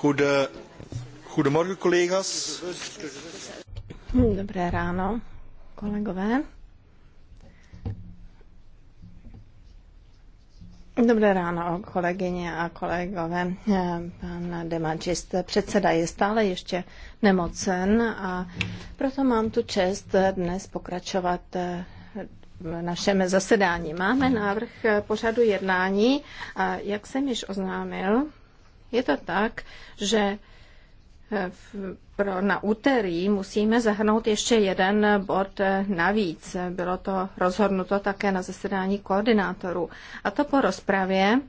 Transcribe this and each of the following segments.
goedemorgen, collega's. Dobré ráno, kolegové. Dobré ráno, kolegyně a kolegové. Pan Demagist, předseda, je stále ještě nemocen a proto mám tu čest dnes pokračovat v našem zasedání. Máme návrh pořadu jednání a jak jsem již oznámil, je to tak, že eh, v, pro, na úterý musíme zahrnout ještě jeden bod eh, navíc. Bylo to rozhodnuto také na zasedání koordinátorů. A to po rozpravě,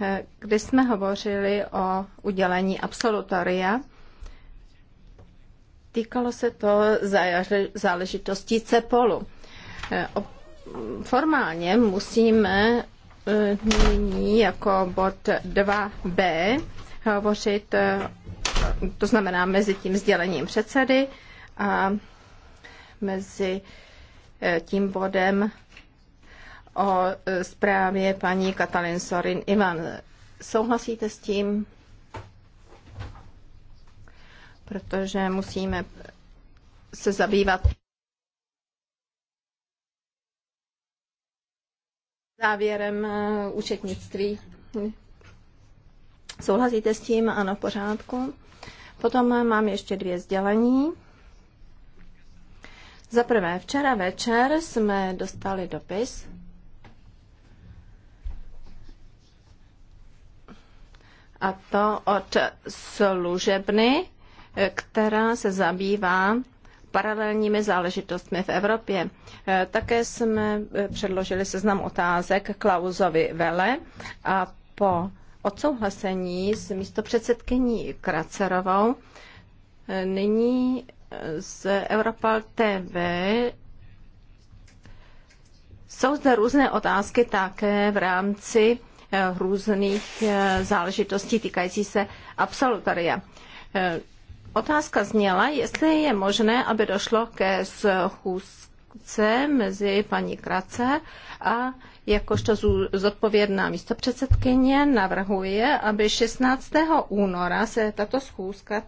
eh, kdy jsme hovořili o udělení absolutoria. Týkalo se to záležitostí CEPOLu. Formálně musíme nyní jako bod 2b hovořit, eh, to znamená mezi tím sdělením předsedy a mezi eh, tím bodem o eh, zprávě paní Katalin Sorin. Ivan, souhlasíte s tím? Protože musíme se zabývat závěrem eh, účetnictví. Souhlasíte s tím? Ano, v pořádku. Potom eh, mám ještě dvě sdělení. Za prvé, včera večer jsme dostali dopis a to od služebny, eh, která se zabývá paralelními záležitostmi v Evropě. E, také jsme e, předložili seznam otázek Klausovi Vele a po odsouhlasení s místopředsedkyní Kracerovou e, nyní z Europal TV jsou zde různé otázky také v rámci různých záležitostí týkající se absolutoria. Otázka zněla, jestli je možné, aby došlo ke schůzce mezi paní Krace a jakožto zodpovědná místopředsedkyně navrhuje, aby 16. února se tato schůzka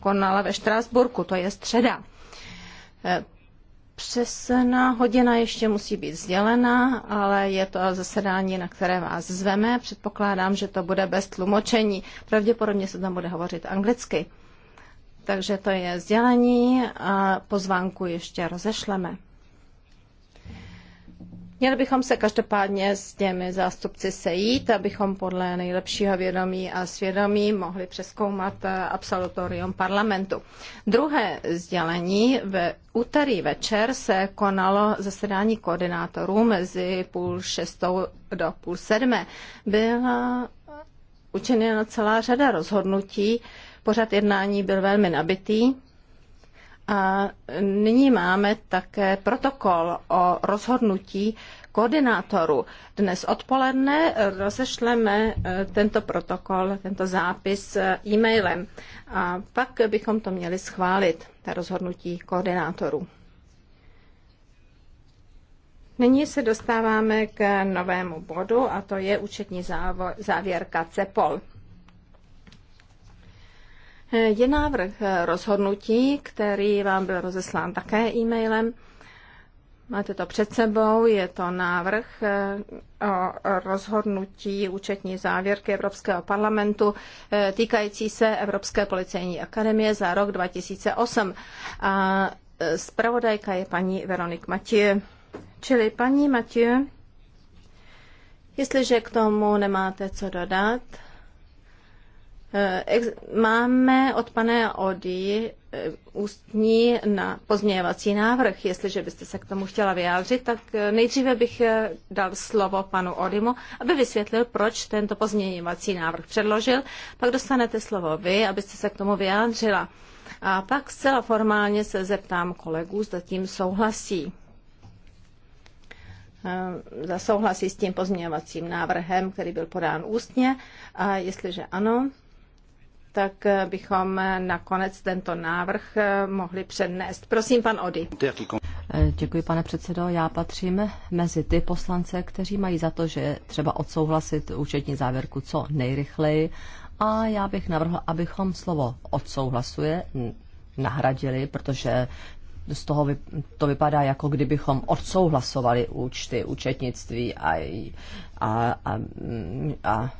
konala ve Štrásburku, to je středa. E, přesná hodina ještě musí být sdělena, ale je to zasedání, na které vás zveme. Předpokládám, že to bude bez tlumočení. Pravděpodobně se tam bude hovořit anglicky. Takže to je sdělení a pozvánku ještě rozešleme. Měli bychom se každopádně s těmi zástupci sejít, abychom podle nejlepšího vědomí a svědomí mohli přeskoumat absolutorium parlamentu. Druhé sdělení ve úterý večer se konalo zasedání koordinátorů mezi půl šestou do půl sedmé. Byla učiněna celá řada rozhodnutí, Pořad jednání byl velmi nabitý. A nyní máme také protokol o rozhodnutí koordinátoru. Dnes odpoledne rozešleme eh, tento protokol, tento zápis eh, e-mailem a pak bychom to měli schválit, ta rozhodnutí koordinátoru. Nyní se dostáváme k novému bodu a to je účetní závěrka CEPOL. Je návrh rozhodnutí, který vám byl rozeslán také e-mailem. Máte to před sebou, je to návrh eh, o rozhodnutí účetní závěrky Evropského parlamentu eh, týkající se Evropské policejní akademie za rok 2008. A eh, zpravodajka je paní Veronik Matěje. Čili paní Matěje, jestliže k tomu nemáte co dodat, Eh, máme od pana Ody eh, ústní na pozměňovací návrh. Jestliže byste se k tomu chtěla vyjádřit, tak eh, nejdříve bych dal slovo panu Odimu, aby vysvětlil, proč tento pozměňovací návrh předložil. Pak dostanete slovo vy, abyste se k tomu vyjádřila. A pak zcela formálně se zeptám kolegů, zda tím souhlasí. Zasouhlasí souhlasí s tím pozměňovacím návrhem, který byl podán ústně. A jestliže ano, tak eh, bychom eh, nakonec tento návrh eh, mohli přednést. Prosím, pan Ody. Děkuji, pane předsedo. Já patřím mezi ty poslance, kteří mají za to, že třeba odsouhlasit účetní závěrku co nejrychleji. A já bych navrhl, abychom slovo odsouhlasuje nahradili, protože z toho to vypadá, jako kdybychom odsouhlasovali účty, účetnictví a a, a, a,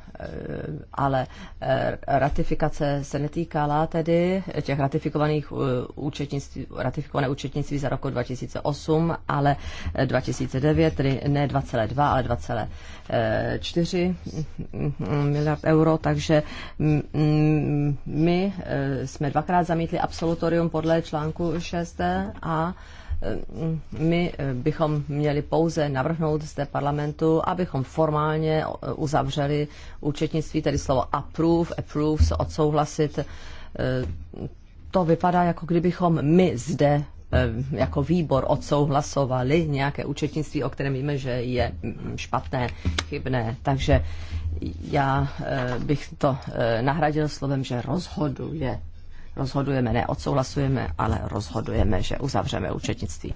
ale e, ratifikace se netýkala tedy těch ratifikovaných e, účetnictví, ratifikované účetnictví za roku 2008, ale 2009, tedy ne 2,2, ale 2,4 miliard euro, takže my e, jsme dvakrát zamítli absolutorium podle článku 6 a my bychom měli pouze navrhnout zde parlamentu, abychom formálně uzavřeli účetnictví, tedy slovo approve, approve, odsouhlasit. E, to vypadá, jako kdybychom my zde e, jako výbor odsouhlasovali nějaké účetnictví, o kterém víme, že je mm, špatné, chybné. Takže já e, bych to nahradil slovem, že rozhoduje rozhodujeme, neodsouhlasujeme, ale rozhodujeme, že uzavřeme účetnictví.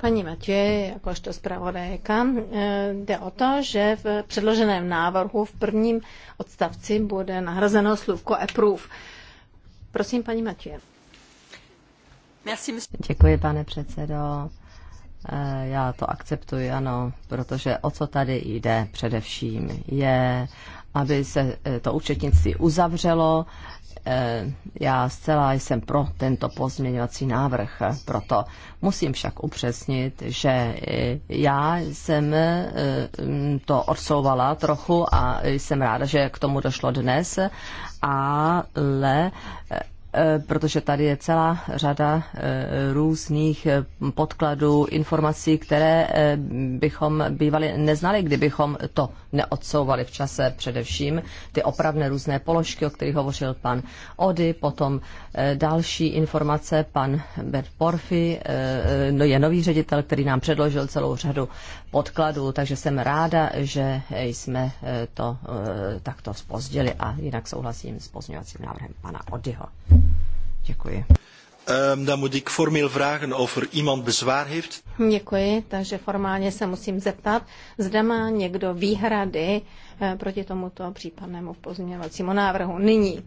Paní Matěj, jakožto zpravodajka, eh, jde o to, že v předloženém návrhu v prvním odstavci bude nahrazeno slůvko approve. Prosím, paní Matěj. Děkuji, pane předsedo. Eh, já to akceptuji, ano, protože o co tady jde především, je, aby se eh, to účetnictví uzavřelo, Eh, já zcela jsem pro tento pozměňovací návrh, proto musím však upřesnit, že eh, já jsem eh, mm, to odsouvala trochu a jsem ráda, že k tomu došlo dnes, ale Eh, protože tady je celá řada eh, různých eh, podkladů, informací, které bychom bývali neznali, kdybychom to neodsouvali v čase především. Ty opravné různé položky, o kterých hovořil pan Ody, potom další informace, pan Bert Porfi, no, je nový ředitel, který nám předložil celou řadu podkladů, takže jsem ráda, že jsme to takto spozdili a jinak souhlasím s pozměňovacím návrhem pana Odyho. Děkuji. Ehm, dan moet ik formeel vragen of er iemand bezwaar heeft. Děkuji, takže formálně se musím zeptat, zda má někdo výhrady eh, proti tomuto případnému pozměňovacímu návrhu. Nyní.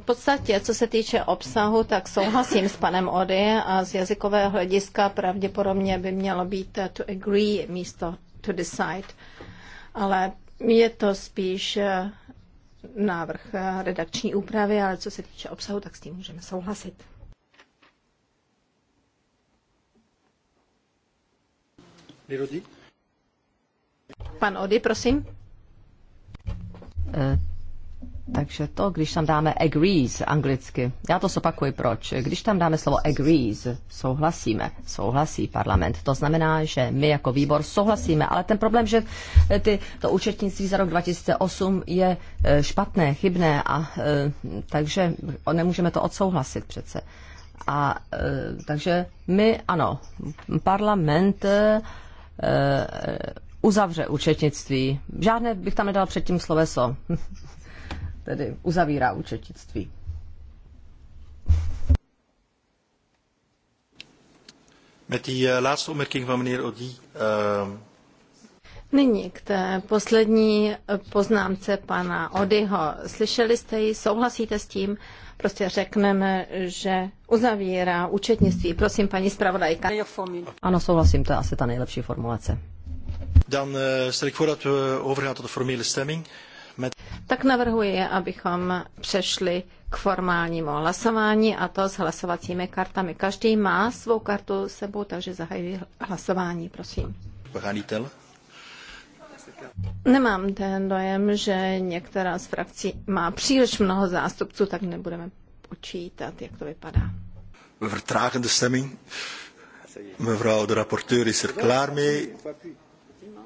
V podstatě, co se týče obsahu, tak souhlasím s panem Ody a z jazykového hlediska pravděpodobně by mělo být eh, to agree místo to decide. Ale je to spíš eh, návrh redakční úpravy, ale co se týče obsahu, tak s tím můžeme souhlasit. Pan Ody, prosím. Eh, takže to, když tam dáme agrees anglicky, já to zopakuji proč. Když tam dáme slovo agrees, souhlasíme, souhlasí parlament. To znamená, že my jako výbor souhlasíme, ale ten problém, že eh, ty, to účetnictví za rok 2008 je eh, špatné, chybné, a eh, takže nemůžeme to odsouhlasit přece. A takže my, ano, parlament uzavře účetnictví. Žádné bych tam nedal předtím sloveso tedy uzavírá účetnictví. Eh, ehm, Nyní k té poslední poznámce pana Odyho. Slyšeli jste ji, souhlasíte s tím? Prostě řekneme, že uzavírá účetnictví. Prosím, paní zpravodajka. Ano, souhlasím, to je asi ta nejlepší formulace. Dan eh, stel ik voor dat we overgaan tot de formele stemming. Tak navrhuji, abychom přešli k formálnímu hlasování a to s hlasovacími kartami. Každý má svou kartu sebou, takže zahajuji hlasování, prosím. Branitel. Nemám ten dojem, že některá z frakcí má příliš mnoho zástupců, tak nebudeme počítat, jak to vypadá. vertragen de stemming. Mevrouw de rapporteur is er klaar mee.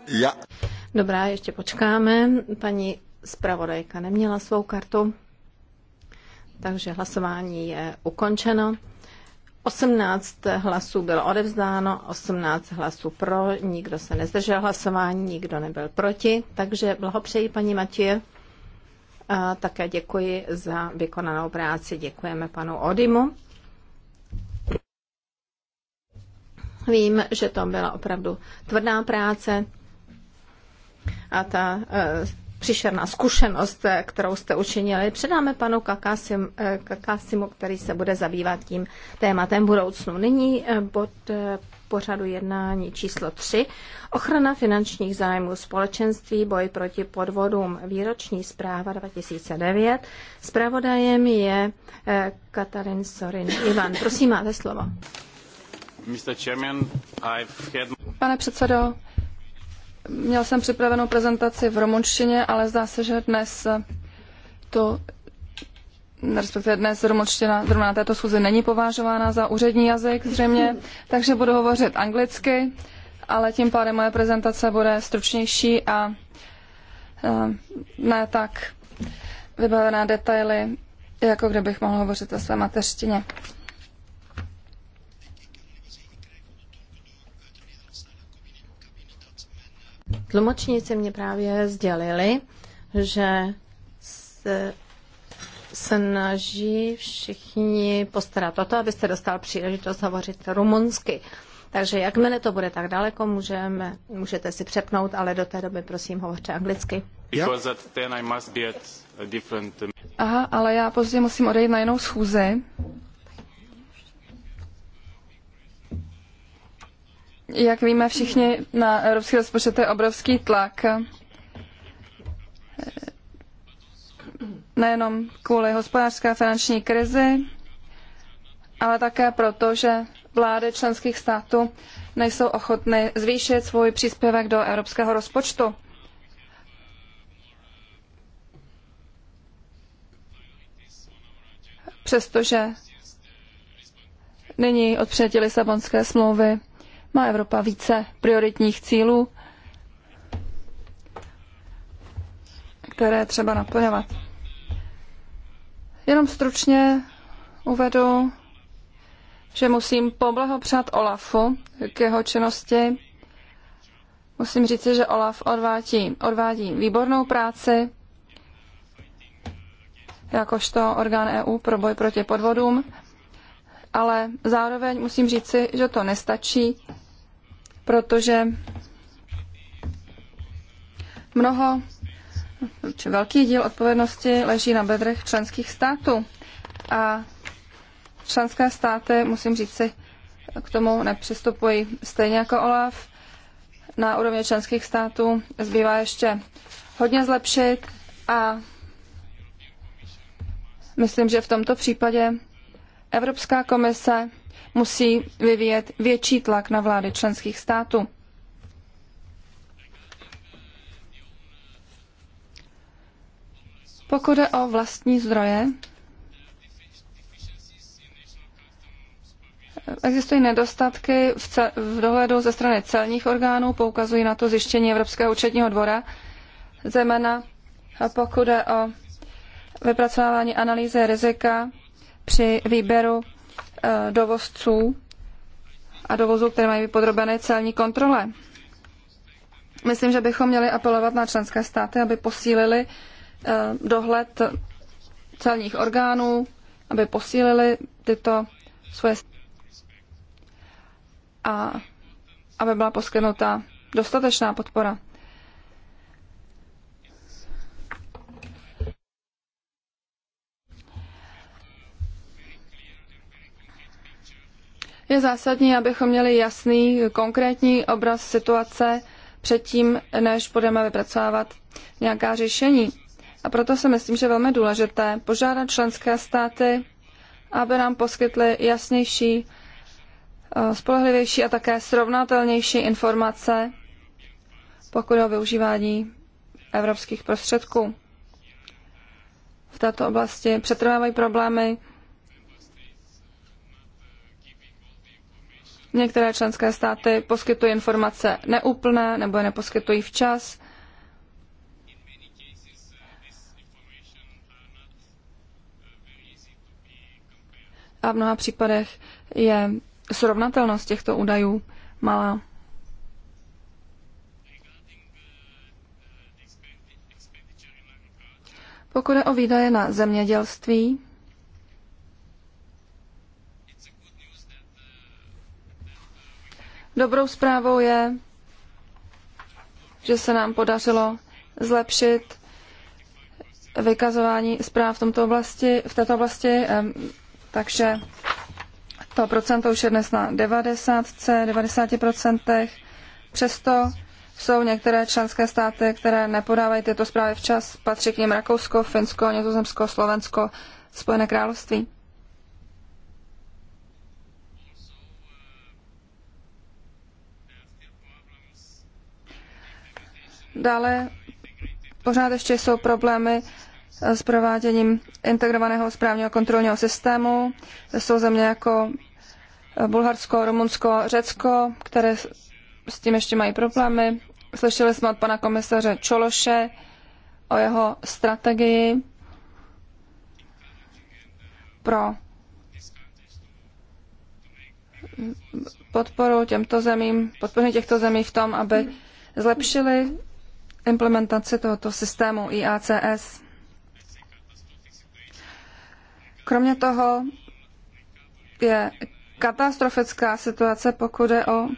Ja. Dobrá, ještě počkáme. Paní Spravodajka neměla svou kartu, takže hlasování je ukončeno. 18 hlasů bylo odevzdáno, 18 hlasů pro, nikdo se nezdržel hlasování, nikdo nebyl proti, takže blahopřeji paní Matěje. A také děkuji za vykonanou práci, děkujeme panu Odimu. Vím, že to byla opravdu tvrdá práce a ta eh, příšerná zkušenost, eh, kterou jste učinili, předáme panu Kakásim, eh, Kakásimu, který se bude zabývat tím tématem budoucnu. Nyní eh, bod pořadu jednání číslo 3. Ochrana finančních zájmů společenství, boj proti podvodům, výroční zpráva 2009. Zpravodajem je Katarin Sorin. Ivan, prosím, máte slovo. Pane předsedo, Měl jsem připravenou prezentaci v romunštině, ale zdá se, že dnes to respektive dnes rumunština zrovna na této schůzi není považována za úřední jazyk zřejmě, takže budu hovořit anglicky, ale tím pádem moje prezentace bude stručnější a eh, ne tak vybavená detaily, jako kdybych mohl hovořit o své mateřštině. Tlumočníci mě právě sdělili, že se snaží všichni postarat o to, abyste dostal příležitost hovořit rumunsky. Takže jakmile to bude tak daleko, můžeme, můžete si přepnout, ale do té doby prosím hovořte anglicky. Aha, ale já později musím odejít na jinou schůze. jak víme všichni, na evropský rozpočet je obrovský tlak. Nejenom kvůli hospodářské a finanční krizi, ale také proto, že vlády členských států nejsou ochotny zvýšit svůj příspěvek do evropského rozpočtu. Přestože nyní od přijetí Lisabonské smlouvy má Evropa více prioritních cílů, které třeba naplňovat. Jenom stručně uvedu, že musím poblahopřát Olafu k jeho činnosti. Musím říci, že Olaf odvádí, odvádí výbornou práci jakožto orgán EU pro boj proti podvodům, ale zároveň musím říci, že to nestačí protože mnoho, či velký díl odpovědnosti leží na bedrech členských států. A členské státy, musím říci, k tomu nepřistupují stejně jako OLAF. Na úrovni členských států zbývá ještě hodně zlepšit a myslím, že v tomto případě Evropská komise musí vyvíjet větší tlak na vlády členských států. Pokud jde o vlastní zdroje, Existují nedostatky v, cel, v dohledu ze strany celních orgánů, poukazují na to zjištění Evropského účetního dvora, zejména pokud je o vypracovávání analýzy rizika při výběru Eh, dovozců a dovozů, které mají podrobené celní kontrole. Myslím, že bychom měli apelovat na členské státy, aby posílili eh, dohled celních orgánů, aby posílili tyto svoje a aby byla poskytnuta dostatečná podpora. Je zásadní, abychom měli jasný, konkrétní obraz situace předtím, než budeme vypracovávat nějaká řešení. A proto si myslím, že je velmi důležité požádat členské státy, aby nám poskytly jasnější, eh, spolehlivější a také srovnatelnější informace, pokud o využívání evropských prostředků. V této oblasti přetrvávají problémy Některé členské státy poskytují informace neúplné nebo je neposkytují včas. A v mnoha případech je srovnatelnost těchto údajů malá. Pokud je o výdaje na zemědělství, Dobrou zprávou je, že se nám podařilo zlepšit vykazování zpráv v, tomto oblasti, v této oblasti, takže to procento už je dnes na 90, 90%. Přesto jsou některé členské státy, které nepodávají tyto zprávy včas. Patří k nim Rakousko, Finsko, Nizozemsko, Slovensko, Spojené království. Dále pořád ještě jsou problémy s prováděním integrovaného správního kontrolního systému. Jsou země jako Bulharsko, Rumunsko, Řecko, které s tím ještě mají problémy. Slyšeli jsme od pana komisaře Čološe o jeho strategii pro podporu těmto zemím, podpoření těchto zemí v tom, aby zlepšili implementaci tohoto systému IACS. Kromě toho je katastrofická situace, pokud je o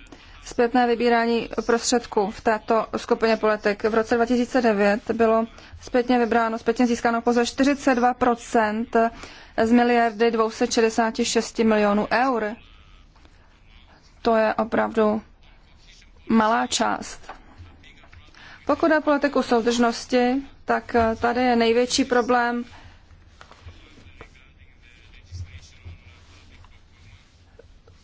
zpětné vybírání prostředků v této skupině politik. V roce 2009 bylo zpětně vybráno, zpětně získáno pouze 42% z miliardy 266 milionů eur. To je opravdu malá část. Pokud je politiku soudržnosti, tak eh, tady je největší problém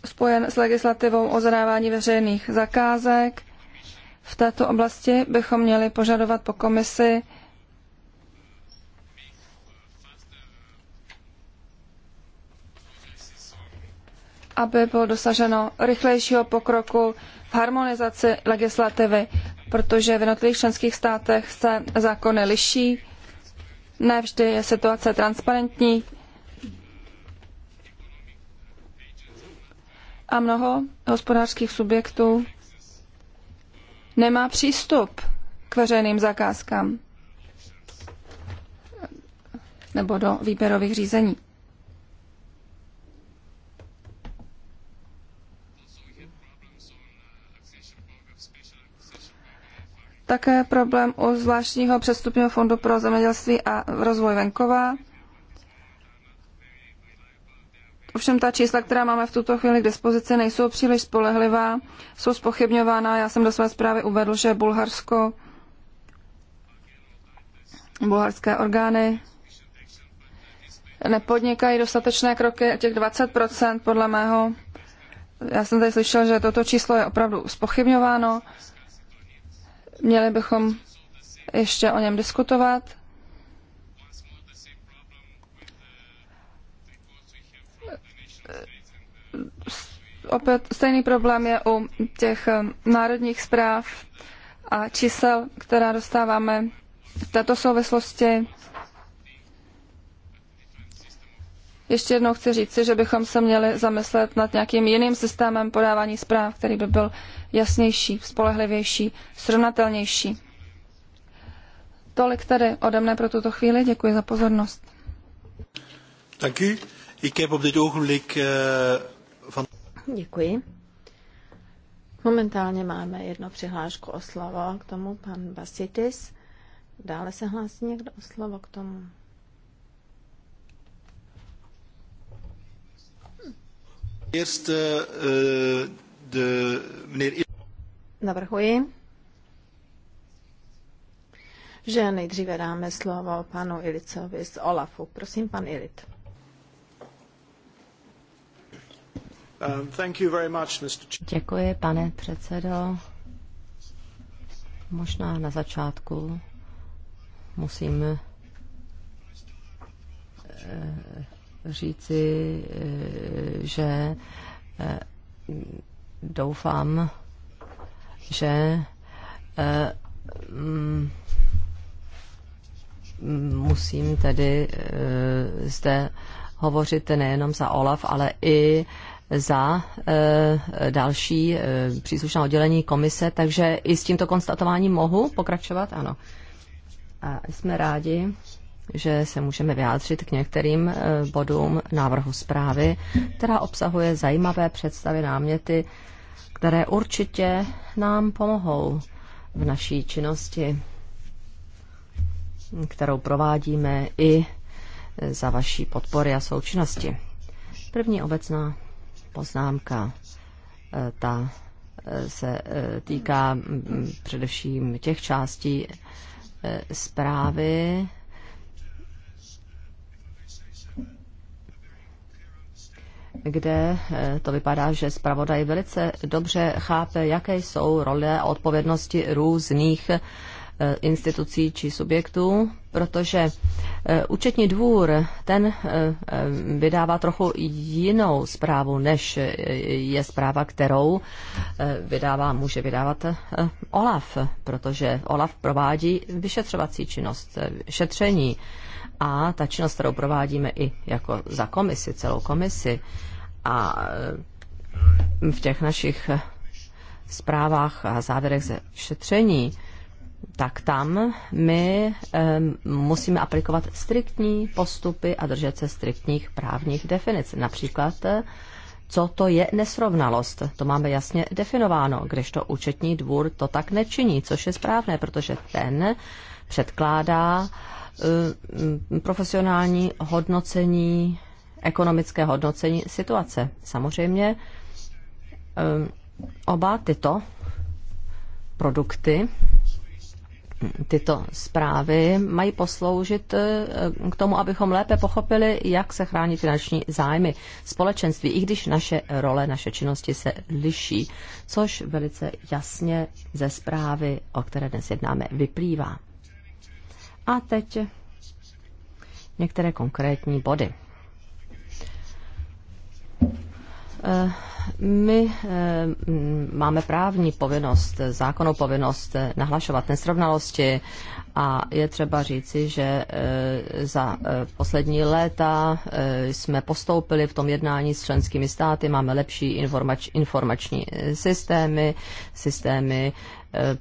spojen s legislativou o zadávání veřejných zakázek. V této oblasti bychom měli požadovat po komisi aby bylo dosaženo rychlejšího pokroku v harmonizaci legislativy, protože v jednotlivých členských státech se zákony liší, nevždy je situace transparentní a mnoho hospodářských subjektů nemá přístup k veřejným zakázkám nebo do výběrových řízení. Také problém u zvláštního přestupního fondu pro zemědělství a rozvoj venkova. Ovšem ta čísla, která máme v tuto chvíli k dispozici, nejsou příliš spolehlivá, jsou spochybňována. Já jsem do své zprávy uvedl, že Bulharsko, bulharské orgány nepodnikají dostatečné kroky, těch 20% podle mého. Já jsem tady slyšel, že toto číslo je opravdu spochybňováno. Měli bychom ještě o něm diskutovat. Opět stejný problém je u těch eh, národních zpráv a čísel, která dostáváme v této souvislosti. Ještě jednou chci říci, že bychom se měli zamyslet nad nějakým jiným systémem podávání zpráv, který by byl jasnější, spolehlivější, srovnatelnější. Tolik tedy ode mne pro tuto chvíli. Děkuji za pozornost. Taky. Eh, Děkuji. Momentálně máme jedno přihlášku o slovo k tomu, pan Basitis. Dále se hlásí někdo o slovo k tomu? Eerst uh, de, meneer... Navrhuji, že nejdříve dáme slovo panu Ilicovi z Olafu. Prosím, pan Ilit. Um, Děkuji, pane předsedo. Možná na začátku musím eh, říci, eh, že eh, doufám, že eh, mm, mm, musím tedy eh, zde hovořit nejenom za OLAF, ale i za eh, další příslušná oddělení komise, takže i s tímto konstatováním mohu pokračovat? Ano. A jsme rádi, že se můžeme vyjádřit k některým eh, bodům návrhu zprávy, která obsahuje zajímavé představy, náměty, které určitě nám pomohou v naší činnosti, kterou provádíme i eh, za vaší podpory a součinnosti. První obecná poznámka, eh, ta se týká mm, především těch částí zprávy, kde eh, to vypadá, že zpravodaj velice dobře chápe, jaké jsou role a odpovědnosti různých Eh, institucí či subjektů, protože eh, účetní dvůr ten eh, vydává trochu jinou zprávu, než je zpráva, kterou vydává, může vydávat OLAF, protože OLAF provádí vyšetřovací činnost, šetření a ta činnost, kterou provádíme i jako za komisi, celou komisi a v těch našich zprávách a závěrech ze šetření, tak tam my musíme aplikovat striktní postupy a držet se striktních právních definic. Například eh, co to je nesrovnalost. To máme jasně definováno, kdežto účetní dvůr to tak nečiní, což je správné, protože ten předkládá eh, profesionální hodnocení, ekonomické hodnocení situace. Samozřejmě oba tyto produkty tyto zprávy mají posloužit eh, k tomu, abychom lépe pochopili, jak se chránit finanční zájmy společenství, i když naše role, naše činnosti se liší, což velice jasně ze zprávy, o které dnes jednáme, vyplývá. A teď některé konkrétní body. Eh, my eh, máme právní povinnost, zákonnou povinnost nahlašovat nesrovnalosti a je třeba říci, že eh, za poslední léta jsme postoupili v tom jednání s členskými státy, máme lepší informač, informační systémy, systémy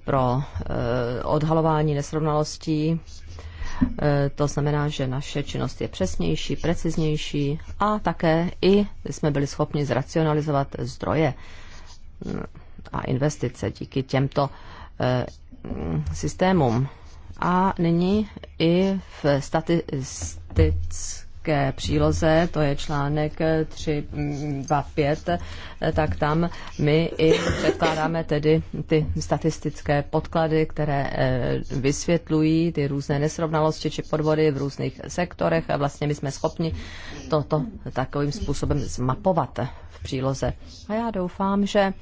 pro odhalování nesrovnalostí Eh, to znamená, že naše činnost je přesnější, preciznější a také i jsme byli schopni zracionalizovat zdroje mm, a investice díky těmto eh, systémům. A nyní i v statistice také příloze, to je článek 325, tak tam my i předkládáme tedy ty statistické podklady, které eh, vysvětlují ty různé nesrovnalosti či podvody v různých sektorech a vlastně my jsme schopni toto takovým způsobem zmapovat v příloze. A já doufám, že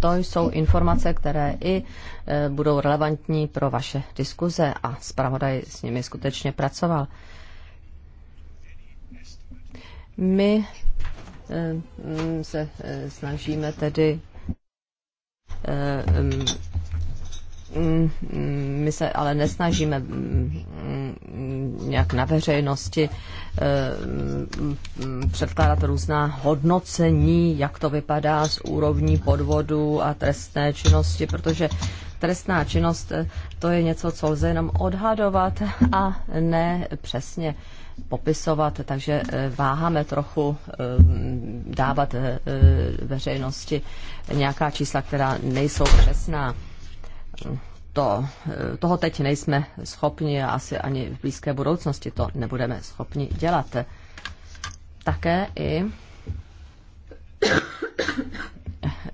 to jsou informace, které i e, budou relevantní pro vaše diskuze a zpravodaj s nimi skutečně pracoval. My e, se e, snažíme tedy Mm, mm, my se ale nesnažíme mm, nějak na veřejnosti eh, předkládat různá hodnocení, jak to vypadá z úrovní podvodu a trestné činnosti, protože trestná činnost eh, to je něco, co lze jenom odhadovat a ne přesně popisovat, takže eh, váháme trochu dávat veřejnosti nějaká čísla, která nejsou přesná to, eh, toho teď nejsme schopni a asi ani v blízké budoucnosti to nebudeme schopni dělat. Také i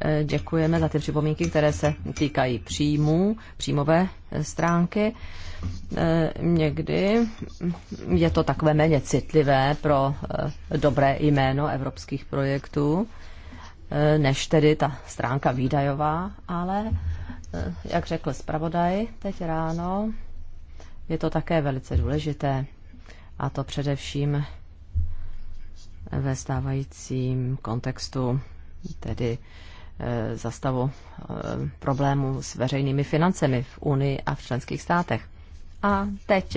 eh, děkujeme za ty připomínky, které se týkají příjmů, příjmové eh, stránky. Někdy je to takové méně citlivé pro dobré jméno evropských projektů, než tedy ta stránka výdajová, ale Eh, jak řekl zpravodaj teď ráno, je to také velice důležité, a to především ve stávajícím kontextu, tedy eh, za stavu eh, problémů s veřejnými financemi v Unii a v členských státech. A teď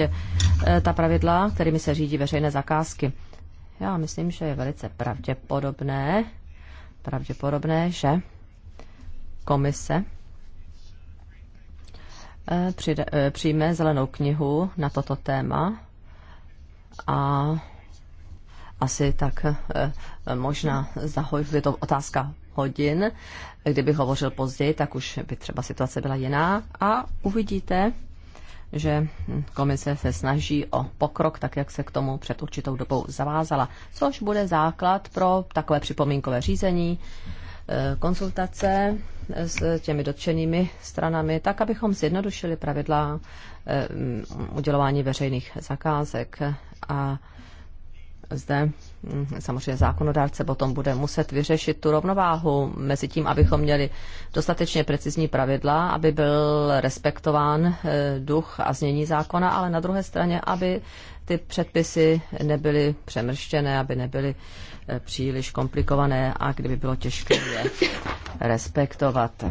ta pravidla, kterými se řídí veřejné zakázky. Já myslím, že je velice pravděpodobné, pravděpodobné, že komise Eh, přijme zelenou knihu na toto téma a asi tak eh, možná za je to otázka hodin, kdybych hovořil později, tak už by třeba situace byla jiná a uvidíte, že komise se snaží o pokrok, tak jak se k tomu před určitou dobou zavázala, což bude základ pro takové připomínkové řízení, Eh, konzultace eh, s těmi dotčenými stranami, tak abychom zjednodušili pravidla eh, mm, udělování veřejných zakázek a zde mm, samozřejmě zákonodárce potom bude muset vyřešit tu rovnováhu mezi tím, abychom měli dostatečně precizní pravidla, aby byl respektován duch a znění zákona, ale na druhé straně, aby ty předpisy nebyly přemrštěné, aby nebyly Eh, příliš komplikované a kdyby bylo těžké je respektovat.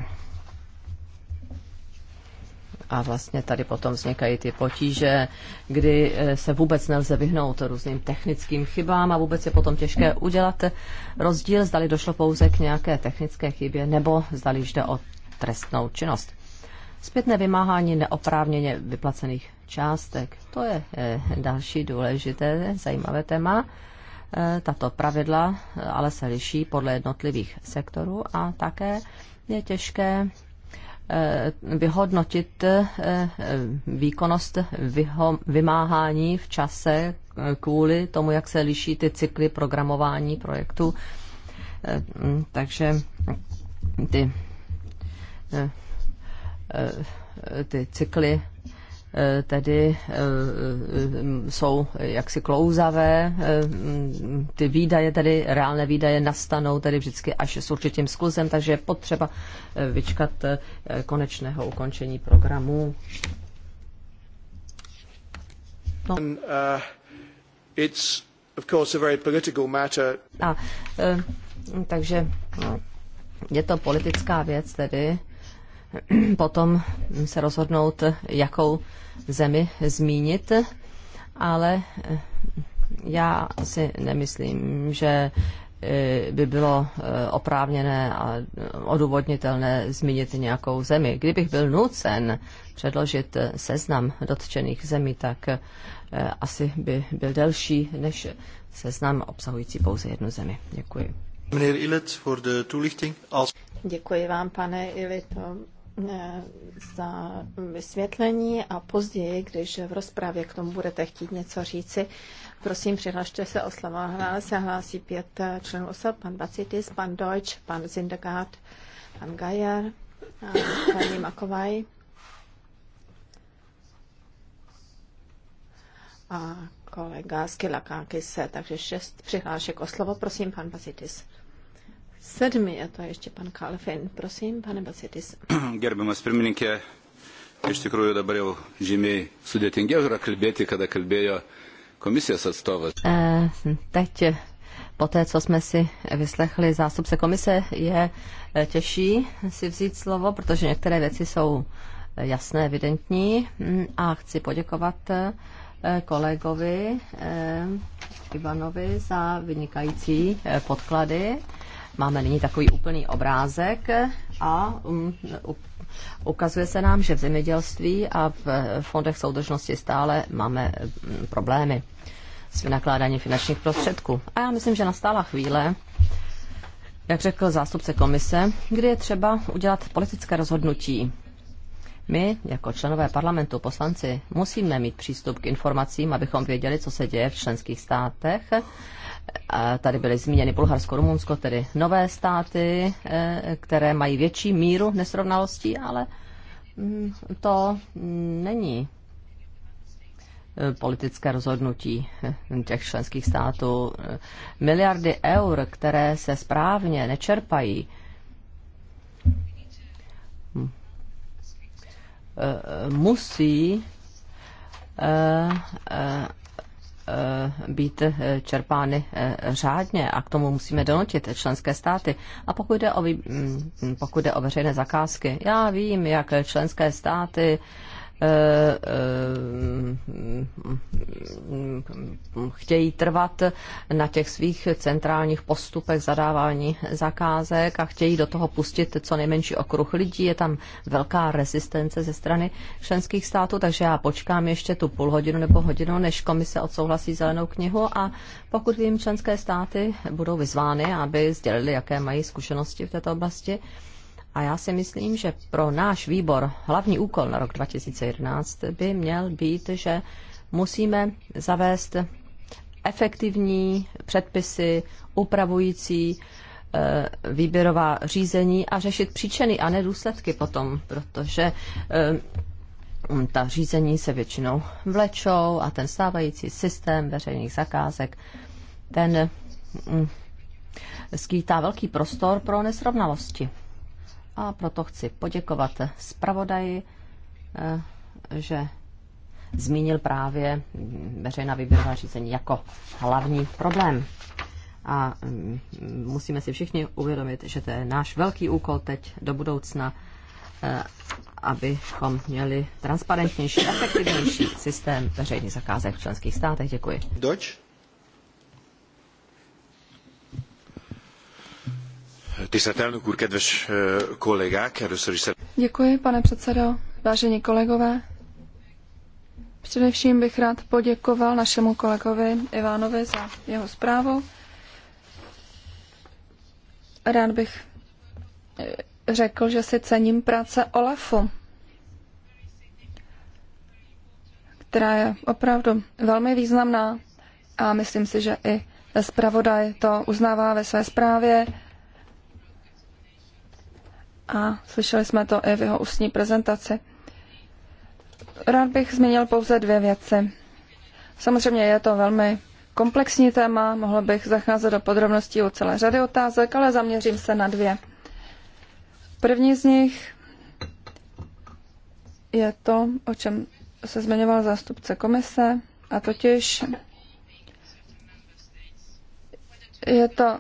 A vlastně tady potom vznikají ty potíže, kdy eh, se vůbec nelze vyhnout různým technickým chybám a vůbec je potom těžké udělat rozdíl, zdali došlo pouze k nějaké technické chybě nebo zdali jde o trestnou činnost. Zpětné vymáhání neoprávněně vyplacených částek. To je eh, další důležité, zajímavé téma. Eh, tato pravidla eh, ale se liší podle jednotlivých sektorů a také je těžké eh, vyhodnotit výkonnost vymáhání v čase kvůli tomu, jak se liší ty cykly programování projektu. Mm, takže ty, ty cykly Eh, tedy eh, eh, jsou jaksi klouzavé, mm, ty výdaje, tedy reálné výdaje nastanou tedy vždycky až s určitým skluzem, takže je potřeba vyčkat konečného ukončení programu. No. And, uh, it's of course a very political matter. A, takže no, je to politická věc tedy potom se rozhodnout, jakou zemi zmínit, ale eh, já si nemyslím, že eh, by bylo eh, oprávněné a odůvodnitelné zmínit nějakou zemi. Kdybych byl nucen předložit seznam dotčených zemí, tak asi by byl delší než seznam obsahující pouze jednu zemi. Děkuji. Děkuji vám, pane Ilito, Eh, za vysvětlení a později, když v rozprávě k tomu budete chtít něco říci, prosím přihlašte se o slovo. se hlásí pět členů osob, pan Bacitis, pan Deutsch, pan Zindegard, pan Gajer, paní Makovaj. A kolega Skilakáky se, takže šest přihlášek o slovo. Prosím, pan Bacitis sedmi, a to je ještě pan Kalfin. Prosím, pane Basitis. Gerbiamas pirmininkė, iš tikrųjų dabar jau žymiai sudėtingiau yra kalbėti, kada kalbėjo komisijos atstovas. Eh, teď po té, co jsme si vyslechli zástupce komise, je eh, těžší si vzít slovo, protože některé věci jsou eh, jasné, evidentní mm, a chci poděkovat kolegovi Ivanovi za vynikající podklady Máme nyní takový úplný obrázek a um, ukazuje se nám, že v zemědělství a v fondech soudržnosti stále máme mm, problémy s vynakládáním finančních prostředků. A já myslím, že nastala chvíle, jak řekl zástupce komise, kdy je třeba udělat politické rozhodnutí. My, jako členové parlamentu, poslanci, musíme mít přístup k informacím, abychom věděli, co se děje v členských státech tady byly zmíněny Bulharsko, Rumunsko, tedy nové státy, eh, které mají větší míru nesrovnalostí, ale mm, to není eh, politické rozhodnutí eh, těch členských států. Miliardy eur, které se správně nečerpají, hm, musí Eh, být eh, čerpány eh, řádně a k tomu musíme donutit členské státy. A pokud jde o, mm, mm, pokud jde o veřejné zakázky, já vím, jak členské státy Eh, eh, chtějí trvat na těch svých centrálních postupech zadávání zakázek a chtějí do toho pustit co nejmenší okruh lidí. Je tam velká rezistence ze strany členských států, takže já počkám ještě tu půl hodinu nebo hodinu, než komise odsouhlasí zelenou knihu a pokud vím, členské státy budou vyzvány, aby sdělili, jaké mají zkušenosti v této oblasti, a já si myslím, že pro náš výbor hlavní úkol na rok 2011 by měl být, že musíme zavést efektivní předpisy upravující eh, výběrová řízení a řešit příčiny a ne důsledky potom, protože eh, ta řízení se většinou vlečou a ten stávající systém veřejných zakázek, ten mm, skýtá velký prostor pro nesrovnalosti a proto chci poděkovat zpravodaji, eh, že zmínil právě veřejná výběrová řízení jako hlavní problém. A mm, musíme si všichni uvědomit, že to je náš velký úkol teď do budoucna, eh, abychom měli transparentnější, efektivnější systém veřejných zakázek v členských státech. Děkuji. Deutsch? Děkuji, pane předsedo, vážení kolegové. Především bych rád poděkoval našemu kolegovi Ivánovi za jeho zprávu. Rád bych e, řekl, že si cením práce Olafu, která je opravdu velmi významná a myslím si, že i zpravodaj to uznává ve své zprávě a slyšeli jsme to i v jeho ústní prezentaci. Rád bych zmínil pouze dvě věci. Samozřejmě je to velmi komplexní téma, mohl bych zacházet do podrobností o celé řady otázek, ale zaměřím se na dvě. První z nich je to, o čem se zmiňoval zástupce komise, a totiž je to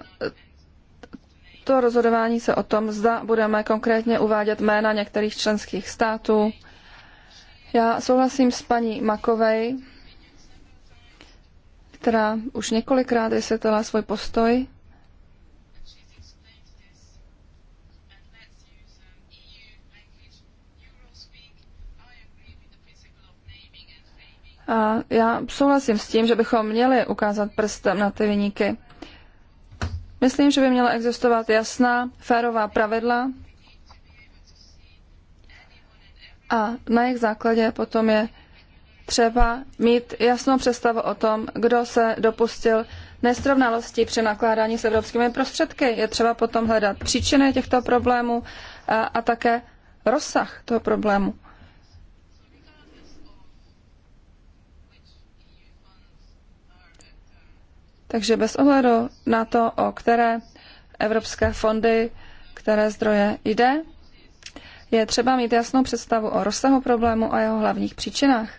to rozhodování se o tom, zda budeme konkrétně uvádět jména některých členských států. Já souhlasím s paní Makovej, která už několikrát vysvětlila svůj postoj. A já souhlasím s tím, že bychom měli ukázat prstem na ty vyníky. Myslím, že by měla existovat jasná, férová pravidla a na jejich základě potom je třeba mít jasnou představu o tom, kdo se dopustil nesrovnalostí při nakládání s evropskými prostředky. Je třeba potom hledat příčiny těchto problémů a, a také rozsah toho problému. Takže bez ohledu na to, o které evropské fondy, které zdroje jde, je třeba mít jasnou představu o rozsahu problému a jeho hlavních příčinách.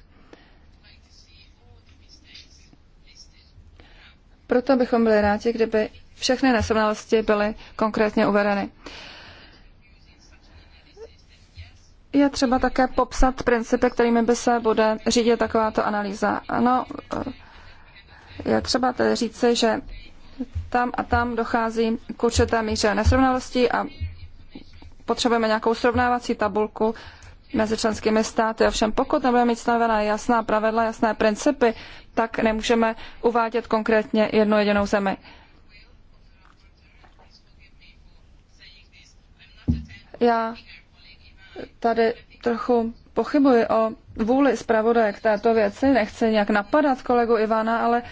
Proto bychom byli rádi, kdyby všechny nesrovnalosti byly konkrétně uvedeny. Je třeba také popsat principy, kterými by se bude řídit takováto analýza. Ano, je třeba tedy říci, že tam a tam dochází k určité míře nesrovnalosti a potřebujeme nějakou srovnávací tabulku mezi členskými státy. Ovšem pokud nebudeme mít stanovená jasná pravidla, jasné principy, tak nemůžeme uvádět konkrétně jednu jedinou zemi. Já tady trochu pochybuji o vůli zpravodaje k této věci, nechci nějak napadat kolegu Ivana, ale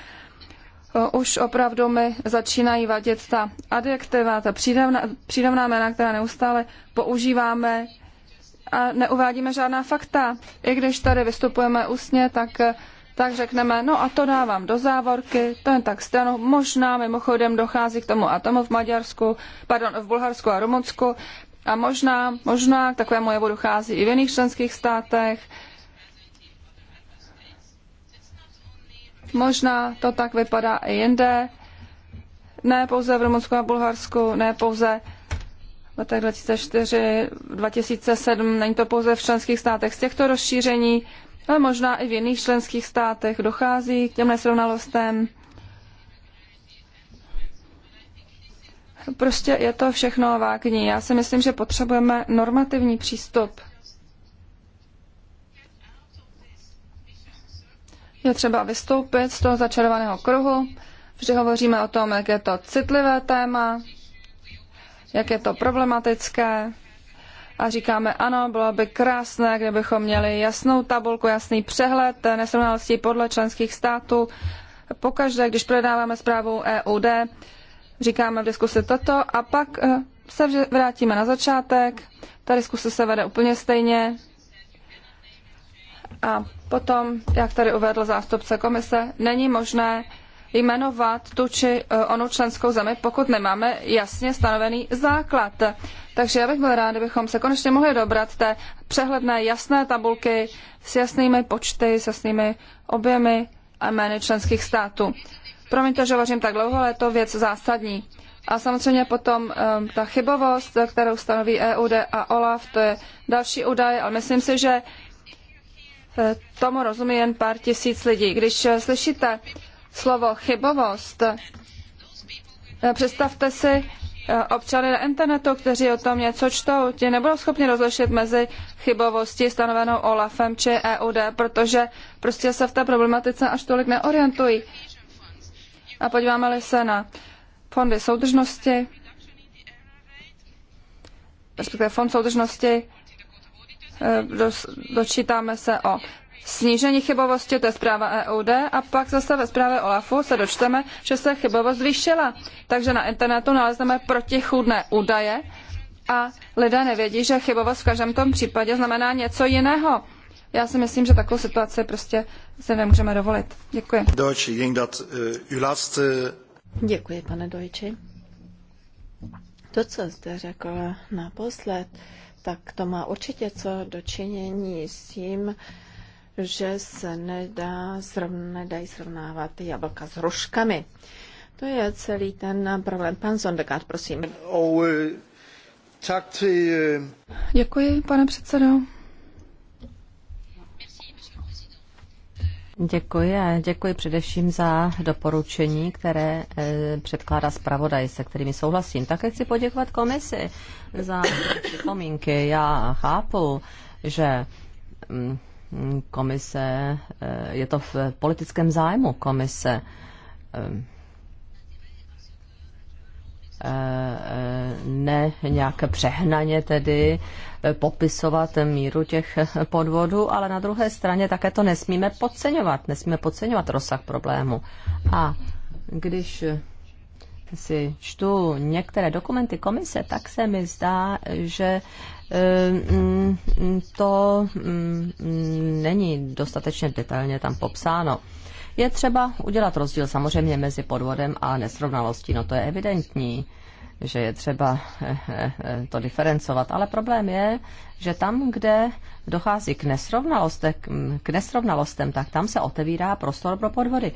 už opravdu mi začínají vadit ta adjektiva, ta přídavná, přídavná jména, která neustále používáme a neuvádíme žádná fakta. I když tady vystupujeme ústně, tak, tak řekneme, no a to dávám do závorky, to jen tak stranu. Možná mimochodem dochází k tomu atomu v Maďarsku, pardon, v Bulharsku a Rumunsku. A možná, možná k takovému jevu dochází i v jiných členských státech. Možná to tak vypadá i jinde. Ne pouze v Rumunsku a Bulharsku, ne pouze v letech 2004, 2007, není to pouze v členských státech z těchto rozšíření, ale možná i v jiných členských státech dochází k těm nesrovnalostem. Prostě je to všechno vágní. Já si myslím, že potřebujeme normativní přístup. Je třeba vystoupit z toho začarovaného kruhu. Vždy hovoříme o tom, jak je to citlivé téma, jak je to problematické. A říkáme, ano, bylo by krásné, kdybychom měli jasnou tabulku, jasný přehled nesrovnalostí podle členských států. Pokaždé, když projednáváme zprávu EUD, říkáme v diskusi toto a pak eh, se vrátíme na začátek, ta diskuse se vede úplně stejně a potom, jak tady uvedl zástupce komise, není možné jmenovat tu či eh, onu členskou zemi, pokud nemáme jasně stanovený základ. Takže já bych byl rád, kdybychom se konečně mohli dobrat té přehledné jasné tabulky s jasnými počty, s jasnými objemy a jmény členských států. Promiňte, že hovořím tak dlouho, ale je to věc zásadní. A samozřejmě potom um, ta chybovost, kterou stanoví EUD a OLAF, to je další údaj, ale myslím si, že eh, tomu rozumí jen pár tisíc lidí. Když eh, slyšíte slovo chybovost, představte si občany na internetu, kteří o tom něco čtou, ti nebudou schopni rozlišit mezi chybovostí stanovenou OLAFem či EUD, protože prostě se v té problematice až tolik neorientují. A podíváme-li se na fondy soudržnosti, respektive fond soudržnosti, eh, dočítáme se o snížení chybovosti, to je zpráva EUD, a pak zase ve zprávě OLAFu se dočteme, že se chybovost zvýšila. Takže na internetu nalezneme protichůdné údaje a lidé nevědí, že chybovost v každém tom případě znamená něco jiného já si myslím, že takovou situaci prostě se nemůžeme dovolit. Děkuji. Deutsch, ik uh, Děkuji, pane Dojči. To, co jste řekl naposled, tak to má určitě co dočinění s tím, že se nedá srov, nedají srovnávat jablka s hruškami. To je celý ten problém. Pan Zondegard, prosím. Oh, eh, eh, Děkuji, pane předsedo. Děkuji a děkuji především za doporučení, které eh, předkládá zpravodaj, se kterými souhlasím. Také chci poděkovat komisi za připomínky. Já chápu, že mm, komise, eh, je to v politickém zájmu komise, eh, ne nějak přehnaně tedy popisovat míru těch podvodů, ale na druhé straně také to nesmíme podceňovat. Nesmíme podceňovat rozsah problému. A když si čtu některé dokumenty komise, tak se mi zdá, že eh, to mm, není dostatečně detailně tam popsáno. Je třeba udělat rozdíl samozřejmě mezi podvodem a nesrovnalostí, no to je evidentní že je třeba eh, eh, to diferencovat. Ale problém je, že tam, kde dochází k, nesrovnalostem, k nesrovnalostem, tak tam se otevírá prostor pro podvody.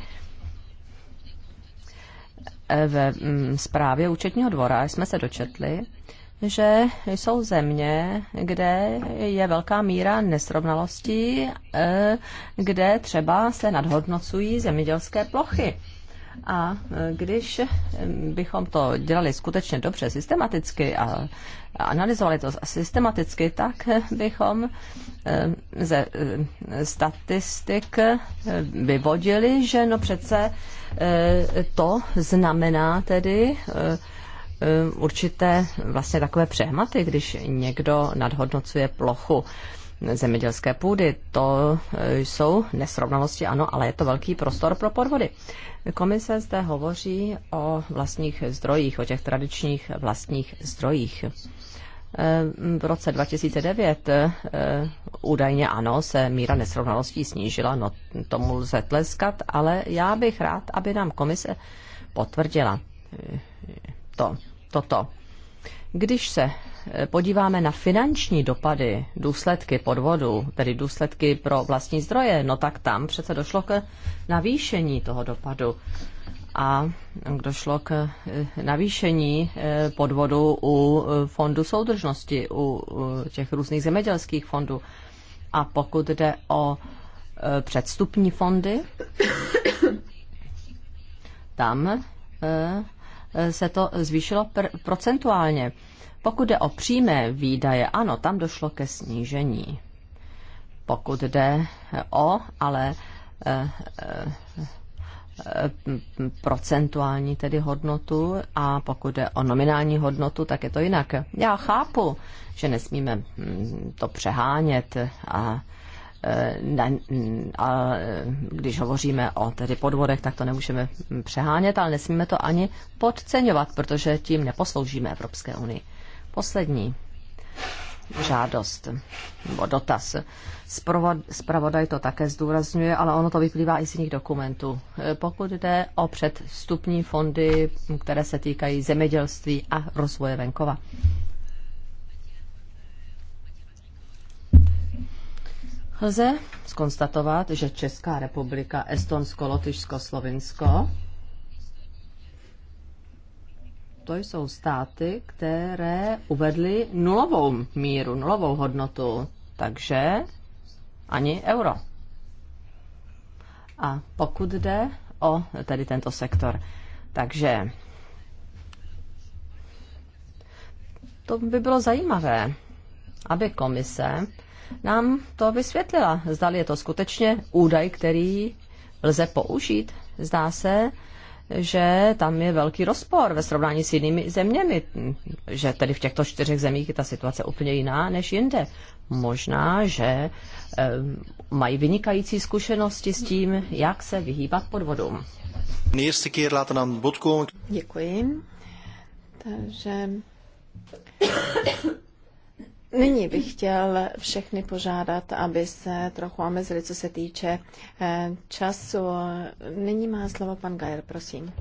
Eh, ve mm, zprávě účetního dvora jsme se dočetli, že jsou země, kde je velká míra nesrovnalostí, kde třeba se nadhodnocují zemědělské plochy a e, když e, bychom to dělali skutečně dobře, systematicky a analyzovali to systematicky, tak e, bychom ze statistik vyvodili, že no přece to znamená tedy určité vlastně takové přehmaty, když někdo nadhodnocuje plochu zemědělské půdy. To e, jsou nesrovnalosti, ano, ale je to velký prostor pro podvody. Komise zde hovoří o vlastních zdrojích, o těch tradičních vlastních zdrojích. E, v roce 2009 e, údajně ano, se míra nesrovnalostí snížila, no tomu lze tleskat, ale já bych rád, aby nám komise potvrdila to, toto. Když se podíváme na finanční dopady, důsledky podvodu, tedy důsledky pro vlastní zdroje, no tak tam přece došlo k navýšení toho dopadu a došlo k eh, navýšení eh, podvodu u eh, fondu soudržnosti, u těch různých zemědělských fondů. A pokud jde o předstupní fondy, tam se to zvýšilo procentuálně. Pokud jde o přímé výdaje, ano, tam došlo ke snížení. Pokud jde o, ale e, e, procentuální tedy hodnotu a pokud jde o nominální hodnotu, tak je to jinak. Já chápu, že nesmíme hm, to přehánět a ne, a když hovoříme o tedy podvodech, tak to nemůžeme hm, přehánět, ale nesmíme to ani podceňovat, protože tím neposloužíme Evropské unii. Poslední žádost nebo dotaz. Spravodaj to také zdůrazňuje, ale ono to vyplývá i z jiných dokumentů. E, pokud jde o předstupní fondy, které se týkají zemědělství a rozvoje venkova. Lze skonstatovat, že Česká republika, Estonsko, Lotyšsko, Slovinsko to jsou státy, které uvedly nulovou míru, nulovou hodnotu, takže ani euro. A pokud jde o tedy tento sektor, takže to by bylo zajímavé, aby komise nám to vysvětlila. Zdali je to skutečně údaj, který lze použít. Zdá se, že tam je velký rozpor ve srovnání s jinými zeměmi, že tedy v těchto čtyřech zemích je ta situace úplně jiná než jinde. Možná, že eh, mají vynikající zkušenosti s tím, jak se vyhýbat podvodům. Děkuji. Takže Nyní bych chtěl všechny požádat, aby se trochu omezili, co se týče eh, času. Nyní má slovo pan Gajer, prosím.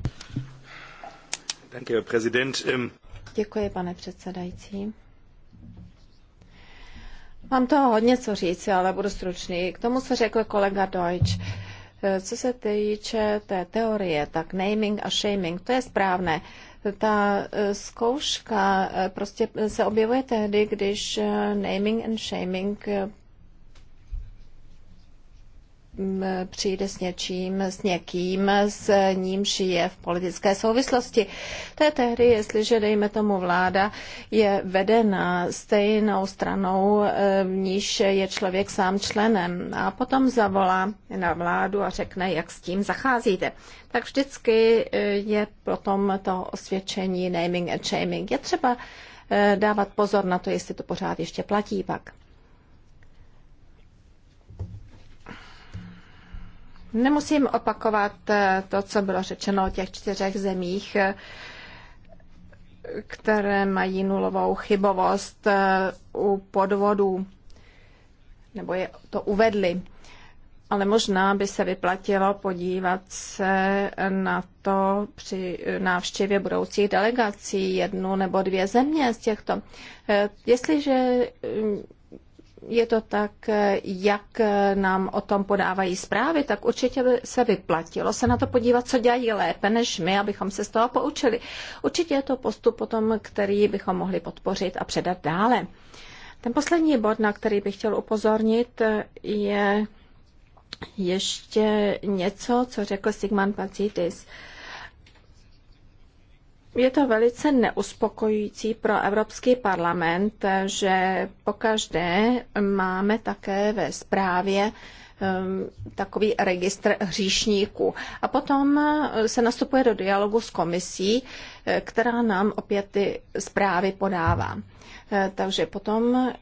Um, Děkuji, pane předsedající. Mám toho hodně co říct, ale budu stručný. K tomu, co řekl kolega Deutsch. Eh, co se týče té teorie, tak naming a shaming, to je správné ta e, zkouška e, prostě se objevuje tehdy, když e, naming and shaming Mm, přijde s něčím, s někým, s ním je v politické souvislosti. To je tehdy, jestliže, dejme tomu, vláda je vedena stejnou stranou, eh, v níž je člověk sám členem a potom zavolá na vládu a řekne, jak s tím zacházíte. Tak vždycky eh, je potom to osvědčení naming and shaming. Je třeba eh, dávat pozor na to, jestli to pořád ještě platí pak. Nemusím opakovat eh, to, co bylo řečeno o těch čtyřech zemích, eh, které mají nulovou chybovost eh, u podvodů, nebo je to uvedli. Ale možná by se vyplatilo podívat se na to při návštěvě budoucích delegací jednu nebo dvě země z těchto. Jestliže mm, je to tak, jak nám o tom podávají zprávy, tak určitě by se vyplatilo se na to podívat, co dělají lépe než my, abychom se z toho poučili. Určitě je to postup potom, který bychom mohli podpořit a předat dále. Ten poslední bod, na který bych chtěl upozornit, je ještě něco, co řekl Sigmund Pacitis. Uh, je to velice neuspokojující pro Evropský parlament, že pokaždé máme také ve zprávě ehm, takový registr hříšníků. A potom eh, se nastupuje do dialogu s komisí, eh, která nám opět ty zprávy podává. Eh, takže potom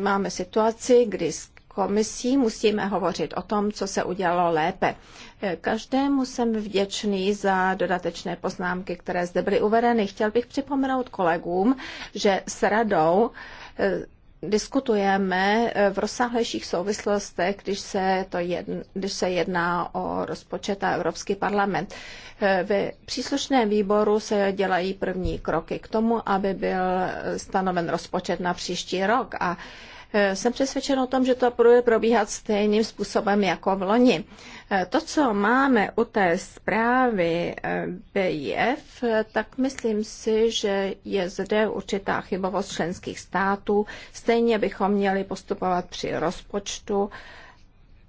máme situaci, kdy komisí musíme hovořit o tom, co se udělalo lépe. E, každému jsem vděčný za dodatečné poznámky, které zde byly uvedeny. Chtěl bych připomenout kolegům, že s radou e, diskutujeme e, v rozsáhlejších souvislostech, když se, to jedn, když se jedná o rozpočet a Evropský parlament. Ve příslušném výboru se dělají první kroky k tomu, aby byl stanoven rozpočet na příští rok a Eh, jsem přesvědčen o tom, že to bude probíhat stejným způsobem jako v loni. Eh, to, co máme u té zprávy eh, BIF, tak myslím si, že je zde určitá chybovost členských států. Stejně bychom měli postupovat při rozpočtu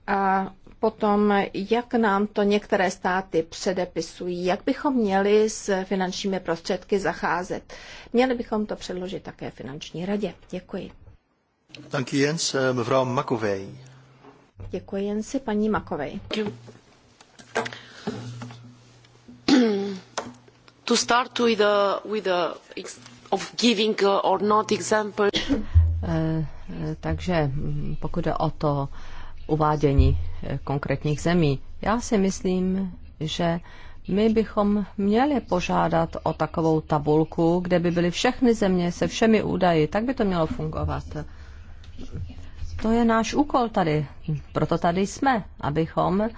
a potom, jak nám to některé státy předepisují, jak bychom měli s finančními prostředky zacházet. Měli bychom to předložit také finanční radě. Děkuji. Thank you, Jens. Eh, mevrouw Makovej. Děkuji Jensi, paní Makovej. To start with a, with a of giving uh, or not example. Eh, eh, takže mm, pokud jde o to uvádění konkrétních zemí, já si myslím, že my bychom měli požádat o takovou tabulku, kde by byly všechny země se všemi údaji, tak by to mělo fungovat. To je náš úkol tady. Proto tady jsme, abychom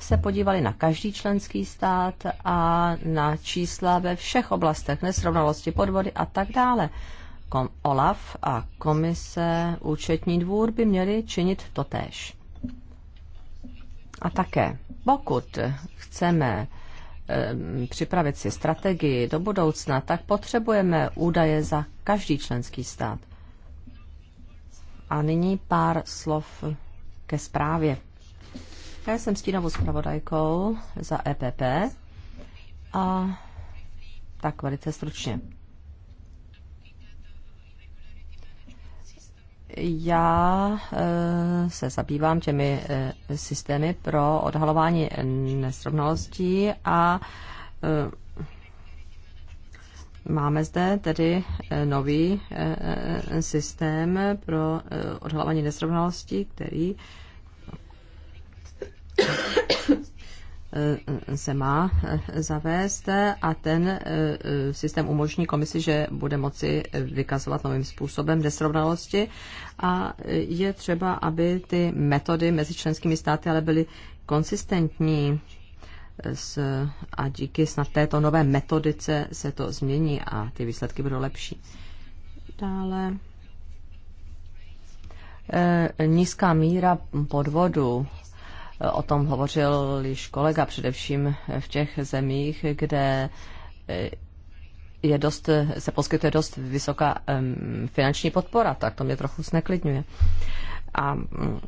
se podívali na každý členský stát a na čísla ve všech oblastech, nesrovnalosti, podvody a tak dále. Kom Olaf a komise účetní dvůr by měli činit totéž. A také, pokud chceme připravit si strategii do budoucna, tak potřebujeme údaje za každý členský stát. A nyní pár slov ke zprávě. Já jsem stínovou zpravodajkou za EPP a tak velice stručně. Já eh, se zabývám těmi eh, systémy pro odhalování nesrovnalostí a eh, Máme zde tedy eh, nový eh, eh, systém pro odhalování nesrovnalostí, který se má zavést a ten systém umožní komisi, že bude moci vykazovat novým způsobem nesrovnalosti a je třeba, aby ty metody mezi členskými státy ale byly konsistentní s, a díky snad této nové metodice se to změní a ty výsledky budou lepší. Dále eh, nízká míra podvodu. O tom hovořil již kolega, především v těch zemích, kde eh, je dost, se poskytuje dost vysoká finanční podpora, tak to mě trochu zneklidňuje. A mm,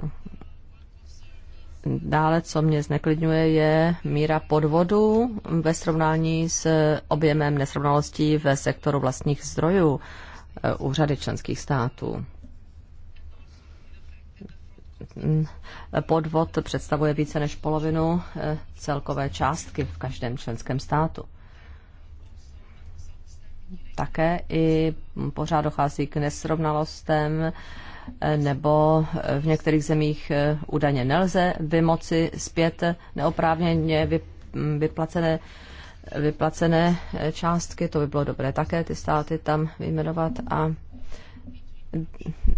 Dále, co mě zneklidňuje, je míra podvodu ve srovnání s objemem nesrovnalostí ve sektoru vlastních zdrojů eh, úřady členských států. Podvod představuje více než polovinu eh, celkové částky v každém členském státu. Také i pořád dochází k nesrovnalostem nebo v některých zemích eh, údajně nelze vymoci zpět neoprávněně mm, vyplacené, vyplacené eh, částky. To by bylo dobré také ty státy tam vyjmenovat. A,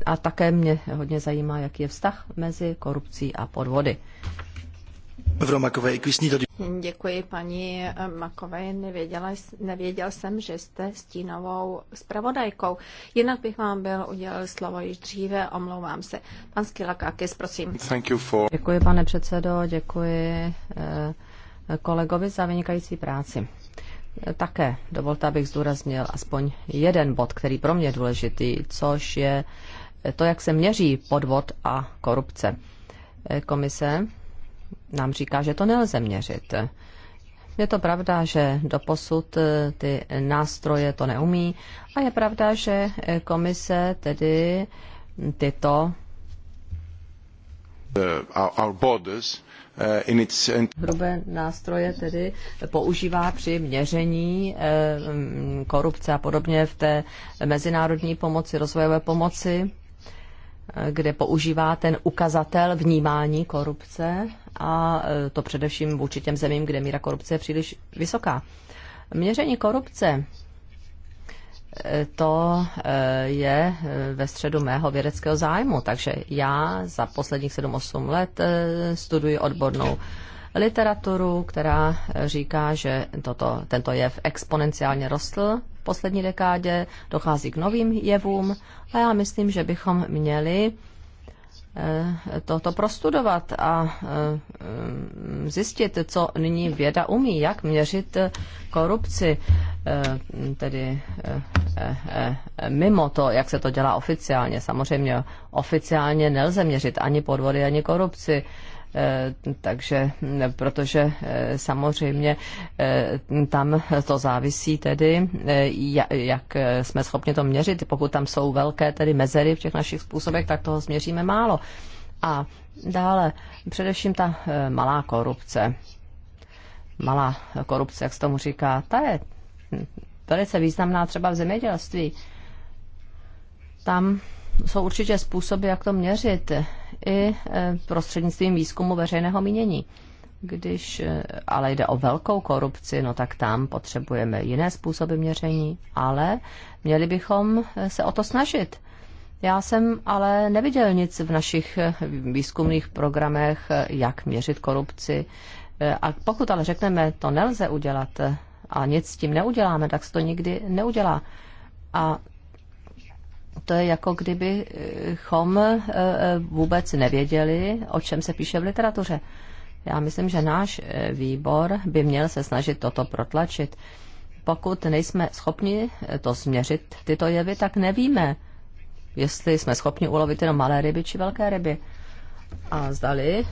a také mě hodně zajímá, jaký je vztah mezi korupcí a podvody. Děkuji, paní Makové. Nevěděla, nevěděl jsem, že jste stínovou zpravodajkou. Jinak bych vám byl udělal slovo již dříve, omlouvám se. Pan Skilakakis, prosím. Thank you for... Děkuji, pane předsedo, děkuji eh, kolegovi za vynikající práci. Také dovolte, abych zdůraznil aspoň jeden bod, který pro mě je důležitý, což je to, jak se měří podvod a korupce. Eh, komise nám říká, že to nelze měřit. Je to pravda, že doposud eh, ty nástroje to neumí a je pravda, že eh, komise tedy hm, tyto eh, hrubé nástroje tedy používá při měření hm, korupce a podobně v té mezinárodní pomoci, rozvojové pomoci kde používá ten ukazatel vnímání korupce a e, to především vůči těm zemím, kde míra korupce je příliš vysoká. Měření korupce e, to e, je ve středu mého vědeckého zájmu, takže já za posledních 7-8 let studuji odbornou literaturu, která říká, že toto, tento jev exponenciálně rostl poslední dekádě, dochází k novým jevům a já myslím, že bychom měli eh, toto prostudovat a eh, zjistit, co nyní věda umí, jak měřit eh, korupci, tedy mimo to, jak se to dělá oficiálně. Samozřejmě oficiálně nelze měřit ani podvody, ani korupci Eh, takže protože eh, samozřejmě eh, tam to závisí tedy, jak jsme schopni to měřit. Pokud tam jsou velké tedy mezery v těch našich způsobech, tak toho změříme málo. A dále především ta malá korupce. Malá korupce, jak se tomu říká, ta je hm, velice významná třeba v zemědělství. Tam jsou určitě způsoby, jak to měřit i e, prostřednictvím výzkumu veřejného mínění. Když e, ale jde o velkou korupci, no tak tam potřebujeme jiné způsoby měření, ale měli bychom e, se o to snažit. Já jsem ale neviděl nic v našich výzkumných programech, jak měřit korupci. A pokud ale řekneme, to nelze udělat a nic s tím neuděláme, tak se to nikdy neudělá. A to je jako kdybychom e, e, vůbec nevěděli, o čem se píše v literatuře. Já myslím, že náš e, výbor by měl se snažit toto protlačit. Pokud nejsme schopni to změřit, tyto jevy, tak nevíme, jestli jsme schopni ulovit jenom malé ryby či velké ryby. A zdali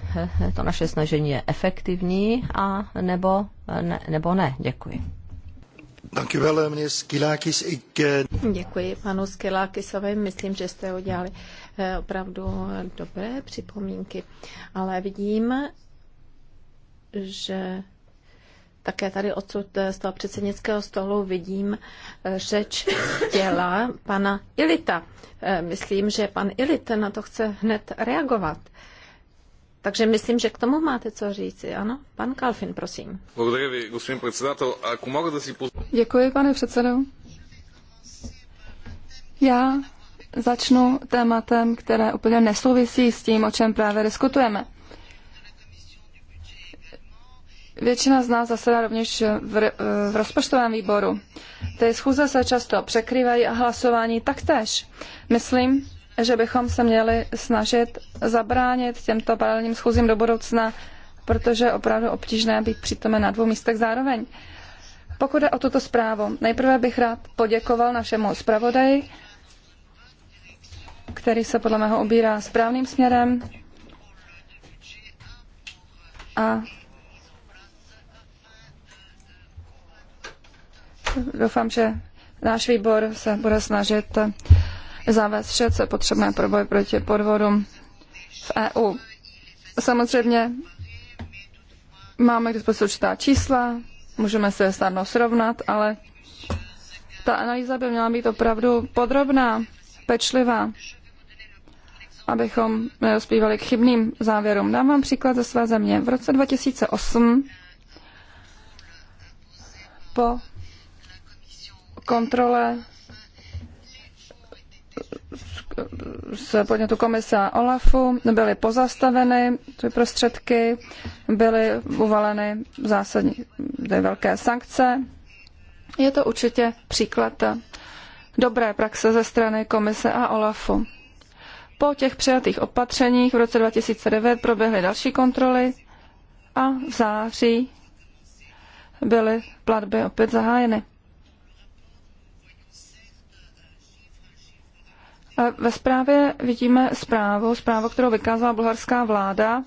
to naše snažení je efektivní a nebo ne. Nebo ne. Děkuji. Děkuji panu Skilákisovi. Myslím, že jste udělali eh, opravdu dobré připomínky. Ale vidím, že také tady odsud eh, z toho předsednického stolu vidím eh, řeč těla pana Ilita. Myslím, že pan Ilit na to chce hned reagovat. Takže myslím, že k tomu máte co říci. Ano, pan Kalfin, prosím. Děkuji, pane předsedo. Já začnu tématem, které úplně nesouvisí s tím, o čem právě diskutujeme. Většina z nás zasedá rovněž v, v rozpočtovém výboru. Ty schůze se často překrývají a hlasování taktéž. Myslím, že bychom se měli snažit zabránit těmto paralelním schůzím do budoucna, protože je opravdu obtížné být přítomen na dvou místech zároveň. Pokud je o tuto zprávu, nejprve bych rád poděkoval našemu zpravodaji, který se podle mého ubírá správným směrem a doufám, že náš výbor se bude snažit zavést vše, co je potřebné pro boj proti podvodům v EU. Samozřejmě máme k dispozici určitá čísla, můžeme se snadno srovnat, ale ta analýza by měla být opravdu podrobná, pečlivá, abychom neospívali k chybným závěrům. Dám vám příklad ze své země. V roce 2008 po kontrole z podnětu komise OLAFu byly pozastaveny ty prostředky, byly uvaleny zásadní velké sankce. Je to určitě příklad dobré praxe ze strany komise a OLAFu. Po těch přijatých opatřeních v roce 2009 proběhly další kontroly a v září byly platby opět zahájeny. Ve zprávě vidíme zprávu, zprávu, kterou vykázala bulharská vláda.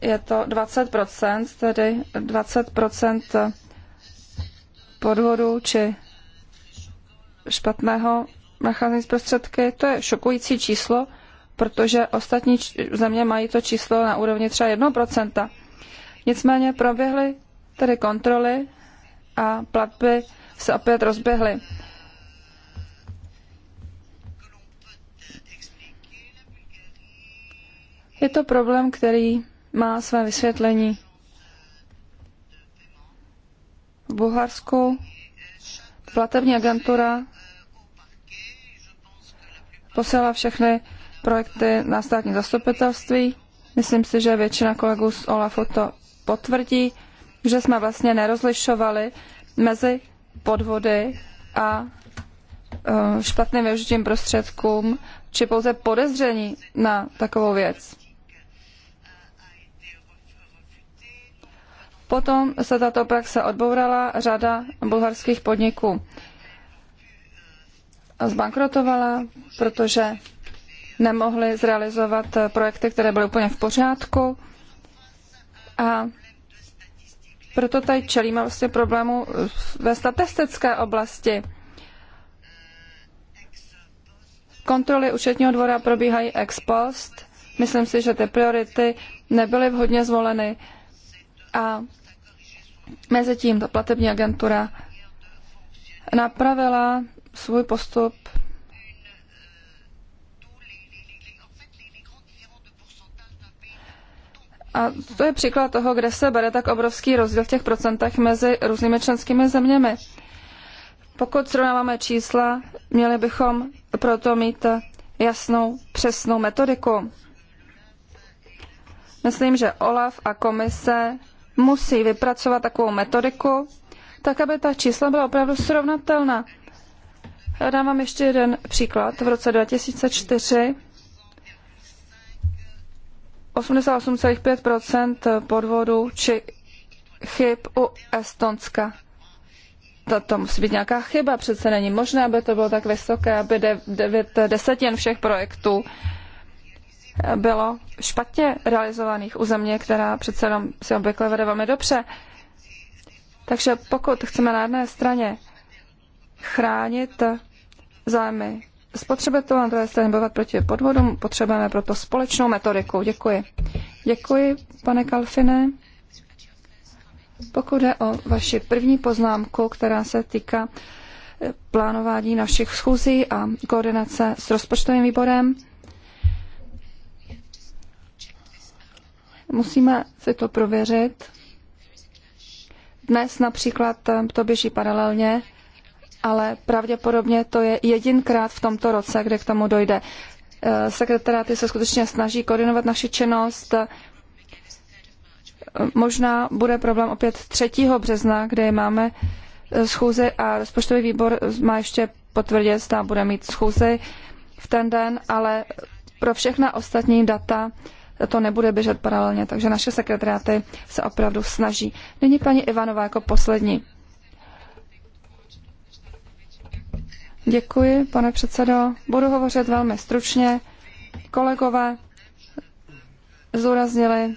Je to 20%, tedy 20% podvodu či špatného nacházení zprostředky. To je šokující číslo, protože ostatní země mají to číslo na úrovni třeba 1%. Nicméně proběhly tedy kontroly a platby se opět rozběhly. Je to problém, který má své vysvětlení. V Bulharsku platební agentura posílala všechny projekty na státní zastupitelství. Myslím si, že většina kolegů z OLAFu to potvrdí, že jsme vlastně nerozlišovali mezi podvody a eh, špatným využitím prostředkům, či pouze podezření na takovou věc. Potom se tato praxe odbourala, řada bulharských podniků zbankrotovala, protože nemohli zrealizovat projekty, které byly úplně v pořádku. A proto tady čelíme vlastně problému ve statistické oblasti. Kontroly účetního dvora probíhají ex post. Myslím si, že ty priority nebyly vhodně zvoleny a tím ta platební agentura napravila svůj postup A to je příklad toho, kde se bere tak obrovský rozdíl v těch procentech mezi různými členskými zeměmi. Pokud srovnáváme čísla, měli bychom proto mít jasnou, přesnou metodiku. Myslím, že OLAF a komise musí vypracovat takovou metodiku, tak aby ta čísla byla opravdu srovnatelná. Já dám vám ještě jeden příklad. V roce 2004 88,5 podvodů či chyb u Estonska. To, to musí být nějaká chyba, přece není možné, aby to bylo tak vysoké, aby devět desetin všech projektů uh, bylo špatně realizovaných u země, která přece jenom si obvykle vede velmi dobře. Takže pokud chceme na jedné straně chránit zájmy spotřebitelů, na druhé straně bojovat proti podvodům, potřebujeme proto společnou metodiku. Děkuji. Děkuji, pane Kalfine. Pokud je o vaši první poznámku, která se týká plánování našich schůzí a koordinace s rozpočtovým výborem, Musíme si to prověřit. Dnes například eh, to běží paralelně, ale pravděpodobně to je jedinkrát v tomto roce, kde k tomu dojde. Eh, sekretariáty se skutečně snaží koordinovat naši činnost. Eh, možná bude problém opět 3. března, kde máme schůzi a rozpočtový výbor má ještě potvrdit, zda bude mít schůzi v ten den, ale pro všechna ostatní data to nebude běžet paralelně, takže naše sekretariáty se opravdu snaží. Nyní paní Ivanová jako poslední. Děkuji, pane předsedo. Budu hovořit velmi stručně. Kolegové zúraznili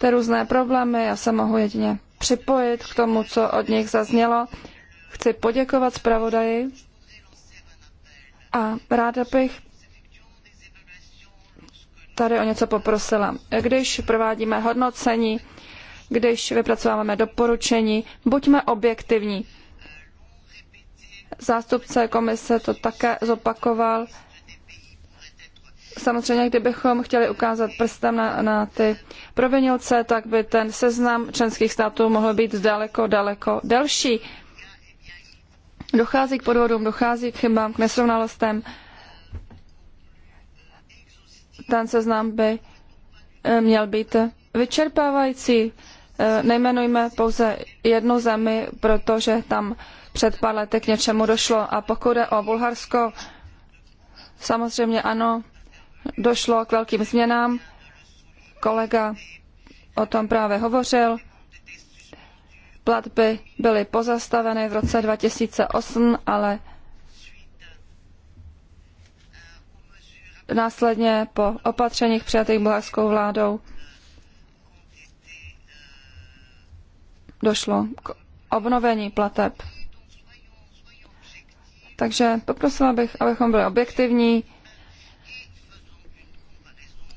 ty různé problémy. Já se mohu jedině připojit k tomu, co od nich zaznělo. Chci poděkovat zpravodaji a ráda bych tady o něco poprosila. Když provádíme hodnocení, když vypracováváme doporučení, buďme objektivní. Zástupce komise to také zopakoval. Samozřejmě, kdybychom chtěli ukázat prstem na, na ty provinilce, tak by ten seznam členských států mohl být daleko, daleko delší. Dochází k podvodům, dochází k chybám, k nesrovnalostem ten seznam by eh, měl být vyčerpávající. Eh, nejmenujme pouze jednu zemi, protože tam před pár lety k něčemu došlo. A pokud jde o Bulharsko, samozřejmě ano, došlo k velkým změnám. Kolega o tom právě hovořil. Platby byly pozastaveny v roce 2008, ale následně po opatřeních přijatých bulharskou vládou došlo k obnovení plateb. Takže poprosila bych, abychom byli objektivní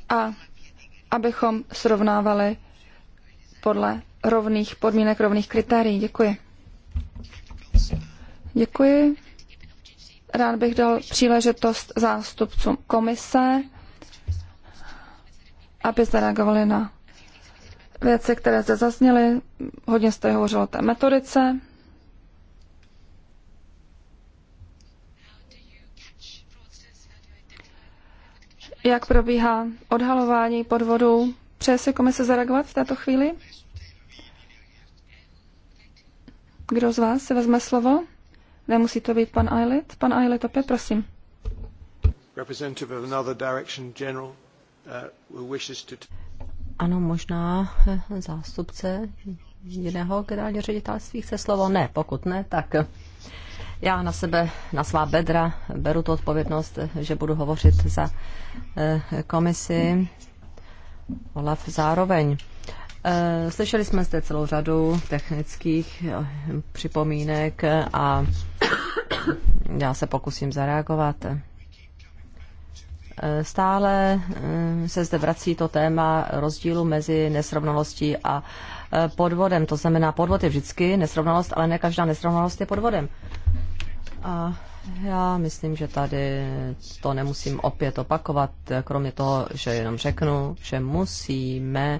a abychom srovnávali podle rovných podmínek, rovných kritérií. Děkuji. Děkuji. Rád bych dal příležitost zástupcům komise, aby zareagovali na věci, které zde zazněly. Hodně jste hovořilo o té metodice. Jak probíhá odhalování podvodů? Přeje si komise zareagovat v této chvíli? Kdo z vás si vezme slovo? Nemusí to být pan Eilid? Pan Eilid opět, prosím. Uh, ano, možná eh, zástupce jiného generálního ředitelství chce slovo? Ne, pokud ne, tak eh, já na sebe, na svá bedra beru tu odpovědnost, eh, že budu hovořit za komisi Olaf zároveň. Eh, slyšeli jsme zde celou řadu technických eh, připomínek a já se pokusím zareagovat. Eh, stále se zde vrací to téma rozdílu mezi nesrovnalostí a podvodem. To znamená, podvod je vždycky nesrovnalost, ale ne každá nesrovnalost je podvodem. A já myslím, že tady to nemusím opět opakovat, kromě toho, že jenom řeknu, že musíme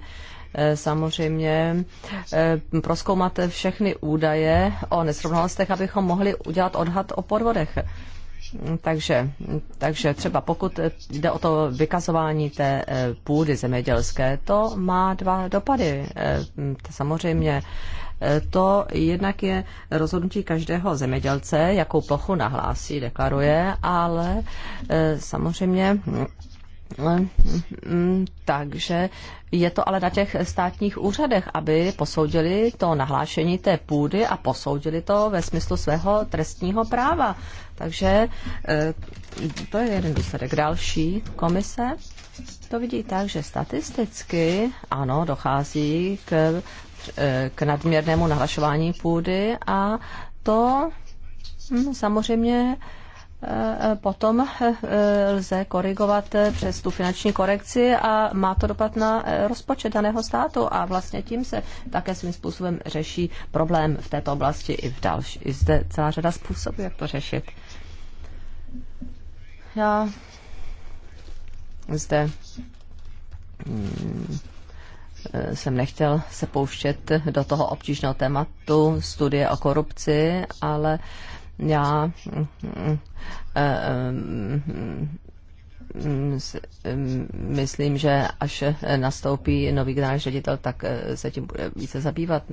Eh, samozřejmě eh, proskoumat všechny údaje o nesrovnalostech, abychom mohli udělat odhad o podvodech. Takže, takže třeba pokud jde o to vykazování té eh, půdy zemědělské, to má dva dopady. Samozřejmě to jednak je rozhodnutí každého zemědělce, jakou plochu nahlásí, deklaruje, ale samozřejmě Mm, takže je to ale na těch státních úřadech, aby posoudili to nahlášení té půdy a posoudili to ve smyslu svého trestního práva. Takže e, to je jeden důsledek. Další komise to vidí tak, že statisticky ano, dochází k, e, k nadměrnému nahlašování půdy a to hm, samozřejmě potom eh, eh, lze korigovat eh, přes tu finanční korekci a má to dopad na rozpočet daného státu a vlastně tím se také svým způsobem řeší problém v této oblasti i v další. I zde celá řada způsobů, jak to řešit. Já zde mm, jsem nechtěl se pouštět do toho obtížného tématu studie o korupci, ale já myslím, že až nastoupí nový generální ředitel, tak eh, se tím bude více zabývat.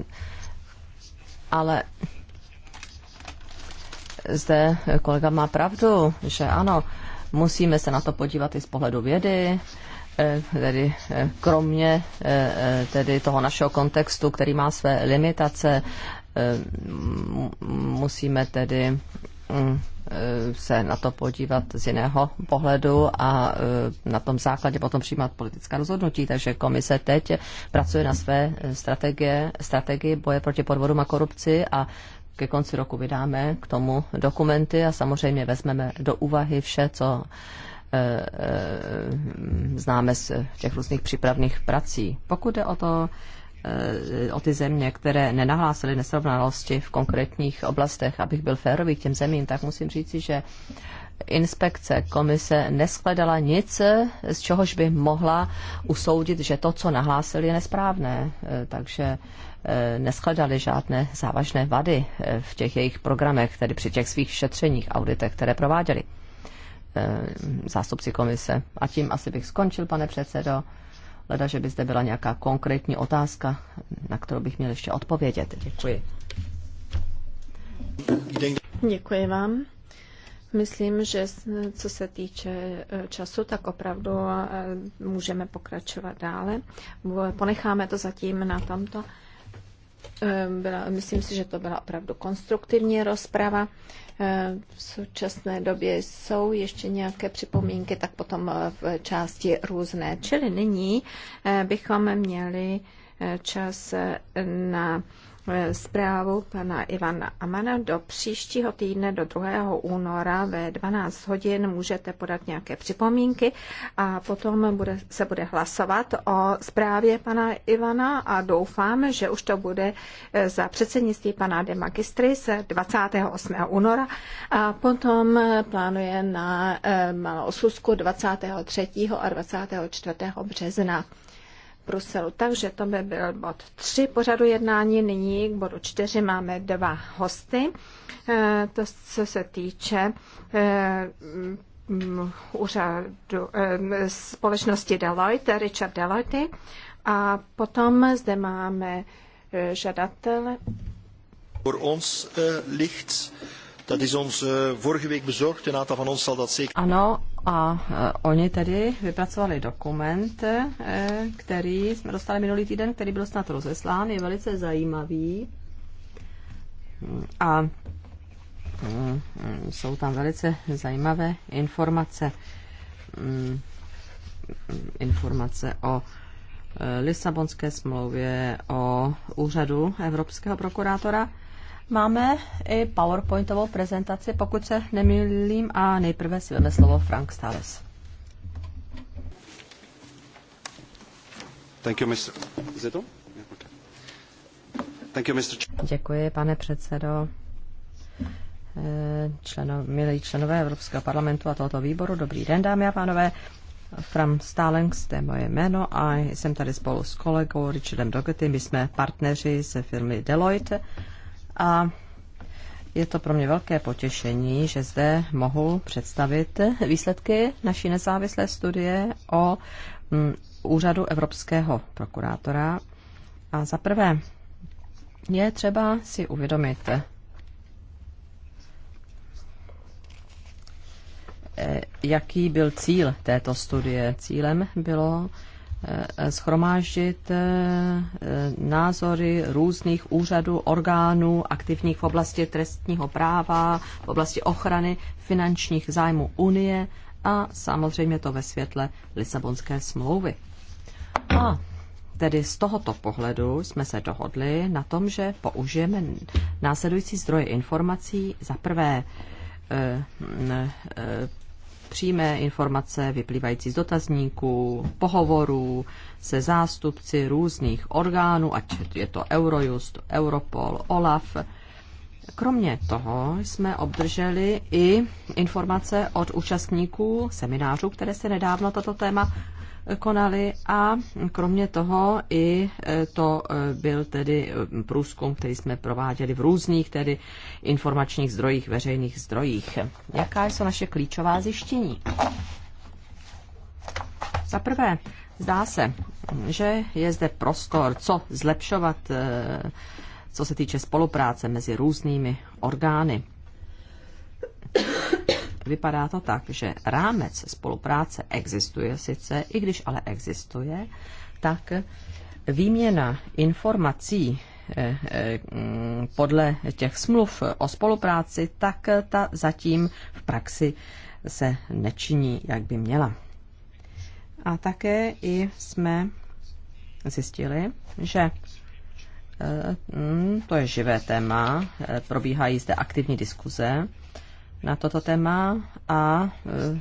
Ale zde kolega má pravdu, že ano, musíme se na to podívat i z pohledu vědy, eh, tedy eh, kromě tedy toho našeho kontextu, který má své limitace, Eh, musíme tedy mm, eh, se na to podívat z jiného pohledu a eh, na tom základě potom přijímat politická rozhodnutí. Takže komise teď pracuje na své strategie, strategii boje proti podvodům a korupci a ke konci roku vydáme k tomu dokumenty a samozřejmě vezmeme do úvahy vše, co známe z těch různých přípravných prací. Pokud je o to Eh, o ty země, které nenahlásily nesrovnalosti v konkrétních oblastech, abych byl férový k těm zemím, tak musím říci, že inspekce komise neskledala nic, eh, z čehož by mohla usoudit, že to, co nahlásil, je nesprávné. Eh, takže neskledali žádné závažné vady v těch jejich programech, tedy při těch svých šetřeních, auditech, které prováděli zástupci komise. A tím asi bych skončil, pane předsedo. Leda, že by zde byla nějaká konkrétní otázka, na kterou bych měl ještě odpovědět. Děkuji. Děkuji vám. Myslím, že co se týče eh, času, tak opravdu eh, můžeme pokračovat dále. Ponecháme to zatím na tomto Ehm, byla, myslím si, že to byla opravdu konstruktivní rozprava. Ehm, v současné době jsou ještě nějaké připomínky, tak potom eh, v části různé. Čili nyní eh, bychom měli eh, čas na Eh, zprávu pana Ivana Amana. Do příštího týdne, do 2. února ve 12 hodin můžete podat nějaké připomínky a potom bude, se bude hlasovat o zprávě pana Ivana a doufám, že už to bude eh, za předsednictví pana de Magistris 28. února a potom eh, plánuje na malou 23. a 24. března. Bruselu. Takže to by byl bod 3 pořadu jednání. Nyní k bodu 4 máme dva hosty. Eh, to, co se týče eh, úřadu eh, společnosti Deloitte, Richard Deloitte. A potom zde máme žadatele. pro nás uh, ligt Dat is ons eh, vorige week bezorgd. Een aantal van ons zal dat zeker... Ano, a eh, oni tedy vypracovali dokument, eh, který jsme dostali minulý týden, který byl snad rozeslán, je velice zajímavý. A mm, jsou tam velice zajímavé informace. Mm, informace o Lisabonské smlouvě, o úřadu Evropského prokurátora Máme i PowerPointovou prezentaci, pokud se nemýlím, a nejprve si veme slovo Frank Stales. Thank you, Mr. Thank you, Mr. Děkuji, pane předsedo. Eh, členo, milí členové Evropského parlamentu a tohoto výboru, dobrý den, dámy a pánové. Fram Stalengs, to je moje jméno a jsem tady spolu s kolegou Richardem Dogetty. My jsme partneři se firmy Deloitte a je to pro mě velké potěšení, že zde mohu představit výsledky naší nezávislé studie o mm, úřadu Evropského prokurátora. A za prvé je třeba si uvědomit, eh, jaký byl cíl této studie. Cílem bylo Eh, schromáždit eh, názory různých úřadů, orgánů aktivních v oblasti trestního práva, v oblasti ochrany finančních zájmů Unie a samozřejmě to ve světle Lisabonské smlouvy. A tedy z tohoto pohledu jsme se dohodli na tom, že použijeme následující zdroje informací. Za prvé eh, přímé informace vyplývající z dotazníků, pohovorů se zástupci různých orgánů, ať je to Eurojust, Europol, OLAF. Kromě toho jsme obdrželi i informace od účastníků seminářů, které se nedávno toto téma konali a kromě toho i e, to e, byl tedy e, průzkum, který jsme prováděli v různých tedy informačních zdrojích, veřejných zdrojích. Jaká jsou naše klíčová zjištění? Za prvé, zdá se, že je zde prostor, co zlepšovat, co se týče spolupráce mezi různými orgány vypadá to tak, že rámec spolupráce existuje sice, i když ale existuje, tak výměna informací eh, eh, podle těch smluv o spolupráci, tak ta zatím v praxi se nečiní, jak by měla. A také i jsme zjistili, že eh, hm, to je živé téma, probíhají zde aktivní diskuze na toto téma a e, e,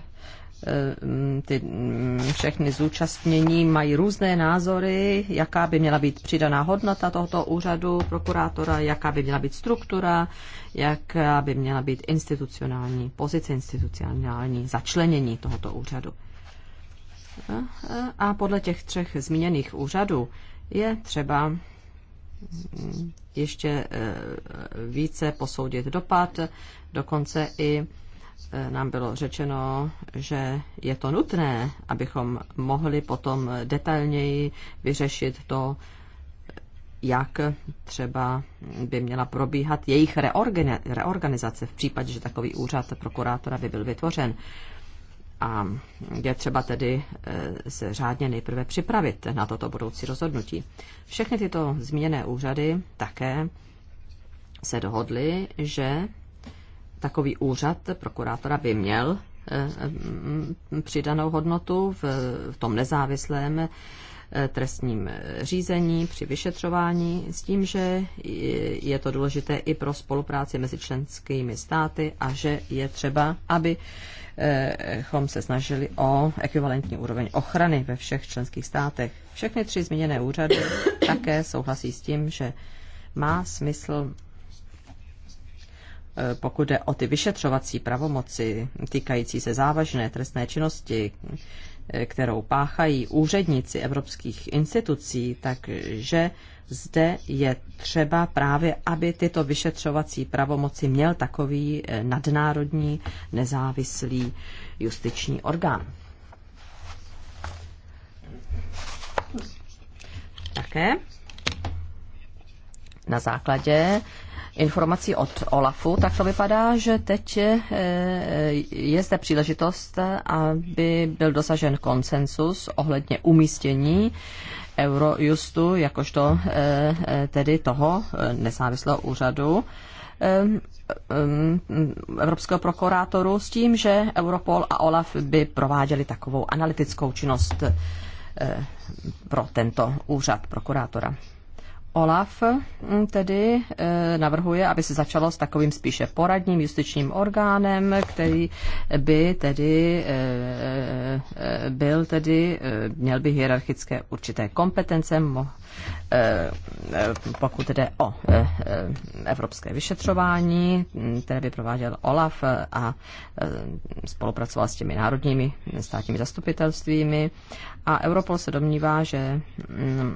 ty mm, všechny zúčastnění mají různé názory, jaká by měla být přidaná hodnota tohoto úřadu prokurátora, jaká by měla být struktura, jaká by měla být institucionální pozice, institucionální začlenění tohoto úřadu. A e, podle těch třech zmíněných úřadů je třeba ještě eh, více posoudit dopad. Dokonce i eh, nám bylo řečeno, že je to nutné, abychom mohli potom detailněji vyřešit to, jak třeba by měla probíhat jejich reorganizace v případě, že takový úřad prokurátora by byl vytvořen. A je třeba tedy eh, se řádně nejprve připravit na toto budoucí rozhodnutí. Všechny tyto zmíněné úřady také se dohodly, že takový úřad prokurátora by měl eh, přidanou hodnotu v tom nezávislém eh, trestním řízení, při vyšetřování, s tím, že je to důležité i pro spolupráci mezi členskými státy a že je třeba, aby chom se snažili o ekvivalentní úroveň ochrany ve všech členských státech. Všechny tři zmíněné úřady také souhlasí s tím, že má smysl eh, pokud jde o ty vyšetřovací pravomoci týkající se závažné trestné činnosti, eh, kterou páchají úředníci evropských institucí, takže zde je třeba právě, aby tyto vyšetřovací pravomoci měl takový eh, nadnárodní nezávislý justiční orgán. Také na základě informací od OLAFu, tak to vypadá, že teď eh, je zde příležitost, eh, aby byl dosažen konsensus ohledně umístění Eurojustu, jakožto eh, eh, tedy toho eh, nezávislého úřadu evropského prokurátoru s tím, že Europol a OLAF by prováděli takovou analytickou činnost pro tento úřad prokurátora. Olaf mm, tedy eh, navrhuje, aby se začalo s takovým spíše poradním justičním orgánem, který by tedy eh, eh, byl tedy, měl by hierarchické určité kompetence, pokud jde o evropské vyšetřování, mm, které by prováděl Olaf a spolupracoval s těmi národními státními zastupitelstvími. A Europol se domnívá, že mm,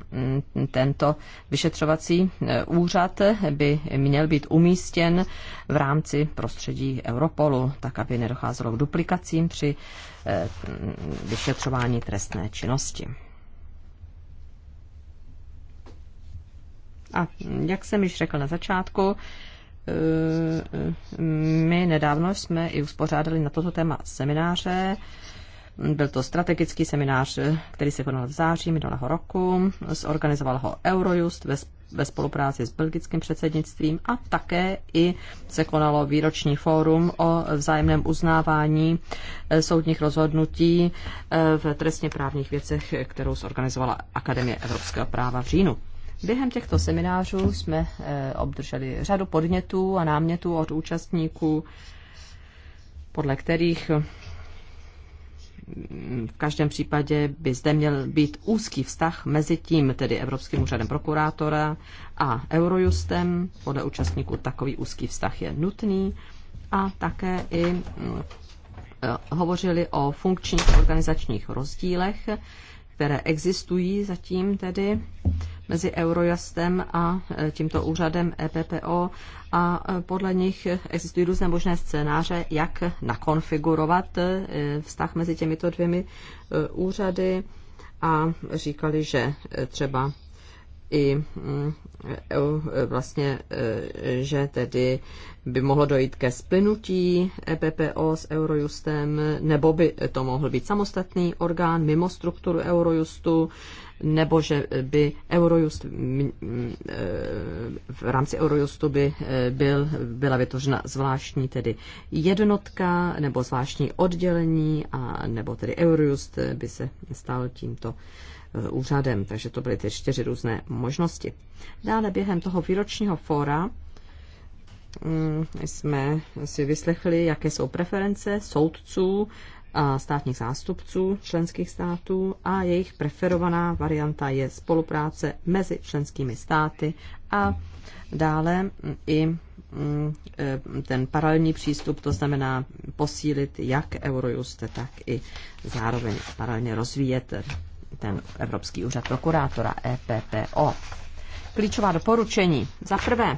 tento vyšetřování vyšetřovací e, úřad by měl být umístěn v rámci prostředí Europolu, tak aby nedocházelo k duplikacím při e, vyšetřování trestné činnosti. A jak jsem již řekl na začátku, e, my nedávno jsme i uspořádali na toto téma semináře byl to strategický seminář, který se konal v září minulého roku. Zorganizoval ho Eurojust ve, ve spolupráci s belgickým předsednictvím a také i se konalo výroční fórum o vzájemném uznávání eh, soudních rozhodnutí eh, v trestně právních věcech, kterou zorganizovala Akademie evropského práva v říjnu. Během těchto seminářů jsme eh, obdrželi řadu podnětů a námětů od účastníků, podle kterých v každém případě by zde měl být úzký vztah mezi tím, tedy Evropským úřadem prokurátora a Eurojustem. Podle účastníků takový úzký vztah je nutný a také i mm, eh, hovořili o funkčních organizačních rozdílech které existují zatím tedy mezi Eurojustem a e, tímto úřadem EPPO a e, podle nich existují různé možné scénáře, jak nakonfigurovat e, vztah mezi těmito dvěmi úřady a říkali, že třeba i mm, e, e, vlastně, e, že tedy by mohlo dojít ke splynutí EPPO s Eurojustem, nebo by to mohl být samostatný orgán mimo strukturu Eurojustu, nebo že by Eurojust mm, v rámci Eurojustu by byl, byla vytvořena zvláštní tedy jednotka nebo zvláštní oddělení, a nebo tedy Eurojust by se stal tímto E, úřadem. Takže to byly ty čtyři různé možnosti. Dále během toho výročního fóra mm, jsme si vyslechli, jaké jsou preference soudců a státních zástupců členských států a jejich preferovaná varianta je spolupráce mezi členskými státy a dále i mm, e, ten paralelní přístup, to znamená posílit jak Eurojust, tak i zároveň paralelně rozvíjet ten Evropský úřad prokurátora EPPO. Klíčová doporučení. Za prvé,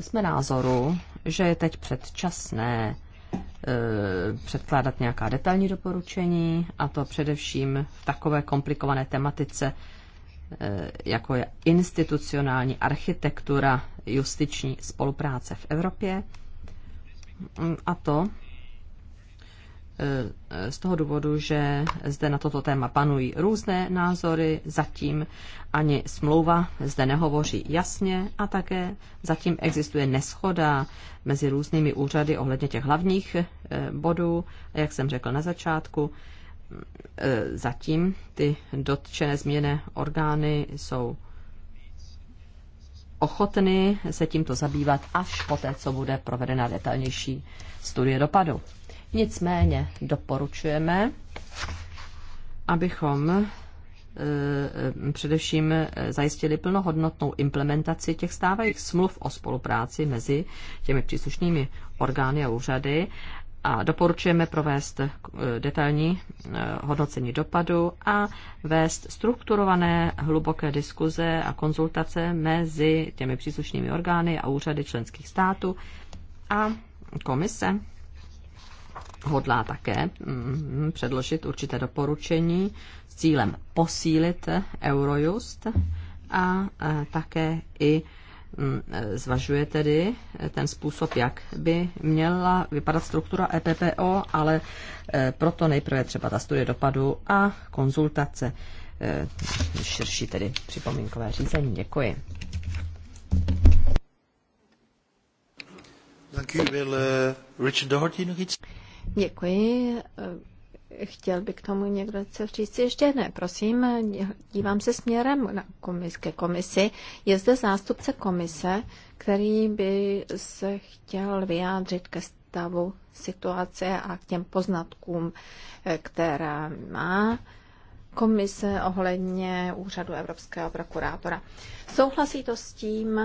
jsme názoru, že je teď předčasné e, předkládat nějaká detailní doporučení, a to především v takové komplikované tematice, e, jako je institucionální architektura justiční spolupráce v Evropě. A to Eh, z toho důvodu, že zde na toto téma panují různé názory, zatím ani smlouva zde nehovoří jasně a také zatím existuje neschoda mezi různými úřady ohledně těch hlavních eh, bodů, jak jsem řekl na začátku. Eh, zatím ty dotčené změny orgány jsou ochotny se tímto zabývat až poté, co bude provedena detailnější studie dopadu. Nicméně doporučujeme, abychom e, e, především e, zajistili plnohodnotnou implementaci těch stávajících smluv o spolupráci mezi těmi příslušnými orgány a úřady a doporučujeme provést detailní hodnocení dopadu a vést strukturované hluboké diskuze a konzultace mezi těmi příslušnými orgány a úřady členských států a komise hodlá také mm, předložit určité doporučení s cílem posílit Eurojust a e, také i mm, zvažuje tedy ten způsob, jak by měla vypadat struktura EPPO, ale e, proto nejprve třeba ta studie dopadu a konzultace e, širší tedy připomínkové řízení. Děkuji. Dank u. uh, Richard Doherty nog Děkuji. Eh, chtěl by k tomu někdo co říct? Ještě ne, prosím. Dívám se směrem na komis, ke komisi. Je zde zástupce komise, který by se chtěl vyjádřit ke stavu situace a k těm poznatkům, eh, která má komise ohledně úřadu Evropského prokurátora. Souhlasí to s tím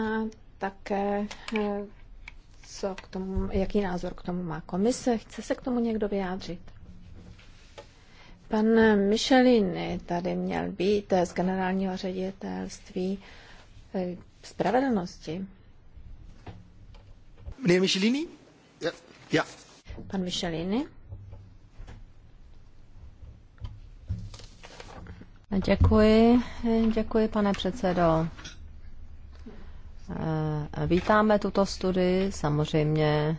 také eh, co k tomu, jaký názor k tomu má komise? Chce se k tomu někdo vyjádřit? Pan Michelin tady měl být z generálního ředitelství eh, spravedlnosti. Meneer Michelini? Ja. ja. Pan Michelini? Děkuji, děkuji pane předsedo. Eh, vítáme tuto studii, samozřejmě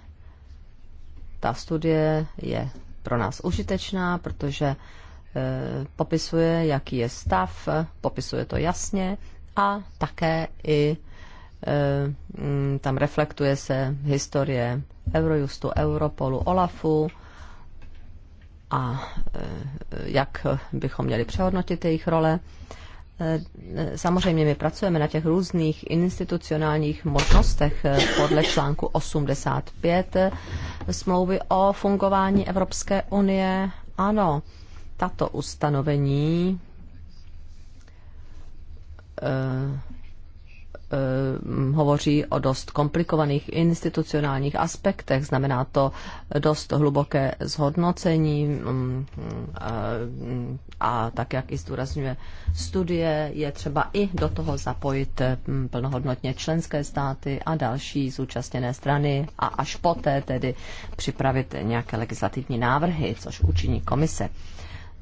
ta studie je pro nás užitečná, protože eh, popisuje, jaký je stav, popisuje to jasně a také i eh, mm, tam reflektuje se historie Eurojustu, Europolu, Olafu a jak bychom měli přehodnotit jejich role. Eh, samozřejmě my pracujeme na těch různých institucionálních možnostech eh, podle článku 85 eh, smlouvy o fungování Evropské unie. Ano, tato ustanovení Eh, hovoří o dost komplikovaných institucionálních aspektech, znamená to dost hluboké zhodnocení mm, eh, a tak, jak i zdůrazňuje studie, je třeba i do toho zapojit mm, plnohodnotně členské státy a další zúčastněné strany a až poté tedy připravit nějaké legislativní návrhy, což učiní komise.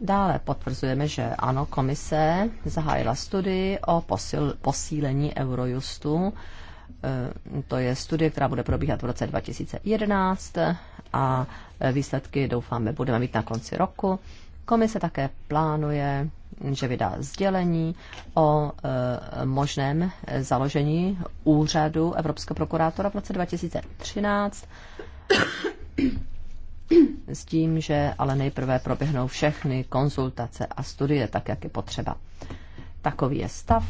Dále potvrzujeme, že ano, komise zahájila studii o posil, posílení Eurojustu. E, to je studie, která bude probíhat v roce 2011 a výsledky, doufáme, budeme mít na konci roku. Komise také plánuje, že vydá sdělení o e, možném založení úřadu Evropského prokurátora v roce 2013 s tím, že ale nejprve proběhnou všechny konzultace a studie, tak jak je potřeba. Takový je stav.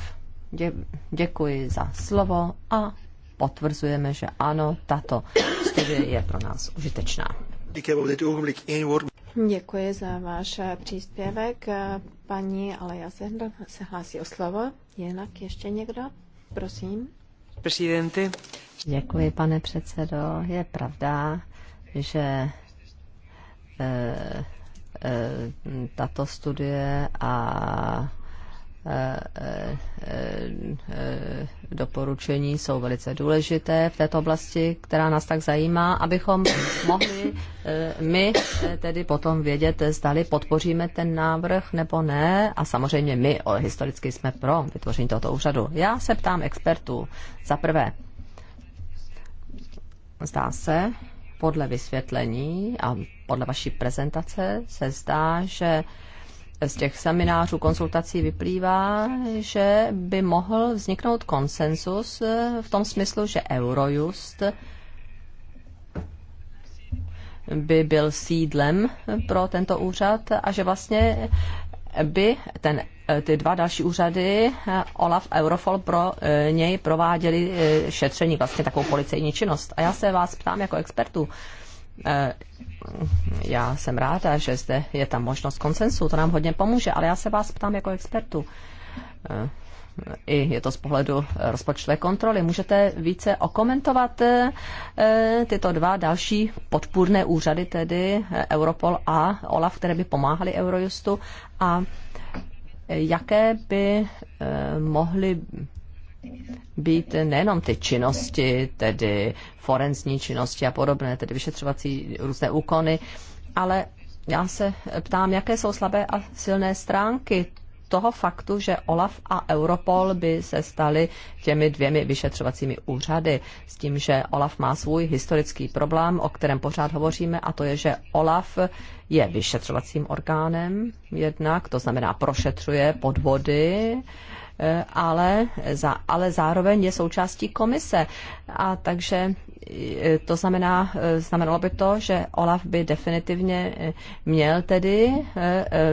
Děkuji za slovo a potvrzujeme, že ano, tato studie je pro nás užitečná. Děkuji za váš příspěvek. Paní Aleja Zendon se hlásí o slovo. Jinak ještě někdo? Prosím. Prezidenty. Děkuji, pane předsedo. Je pravda, že Eh, eh, tato studie a eh, doporučení jsou velice důležité v této oblasti, která nás tak zajímá, abychom mohli my tedy potom vědět, zdali podpoříme ten návrh nebo ne. A samozřejmě my o, historicky jsme pro vytvoření tohoto úřadu. Já se ptám expertů. Za prvé, zdá se, podle vysvětlení, a podle vaší prezentace se zdá, že z těch seminářů, konsultací vyplývá, že by mohl vzniknout konsensus eh, v tom smyslu, že Eurojust by byl sídlem pro tento úřad a že vlastně by ten, eh, ty dva další úřady, eh, OLAF a Eurofol, pro něj prováděli šetření, vlastně takovou policejní činnost. A já se vás ptám jako expertů, Eh, já jsem ráda, že zde je tam možnost konsensu, to nám hodně pomůže, ale já se vás ptám jako expertu. Eh, I je to z pohledu rozpočtové kontroly. Můžete více okomentovat eh, tyto dva další podpůrné úřady, tedy Europol a OLAF, které by pomáhaly Eurojustu a jaké by mohly být nejenom ty činnosti, tedy forenzní činnosti a podobné, tedy vyšetřovací různé úkony, ale já se ptám, jaké jsou slabé a silné stránky toho faktu, že OLAF a Europol by se staly těmi dvěmi vyšetřovacími úřady, s tím, že OLAF má svůj historický problém, o kterém pořád hovoříme, a to je, že OLAF je vyšetřovacím orgánem jednak, to znamená prošetřuje podvody, Eh, ale, za, ale zároveň je součástí komise. A takže eh, to znamená, eh, znamenalo by to, že Olaf by definitivně měl tedy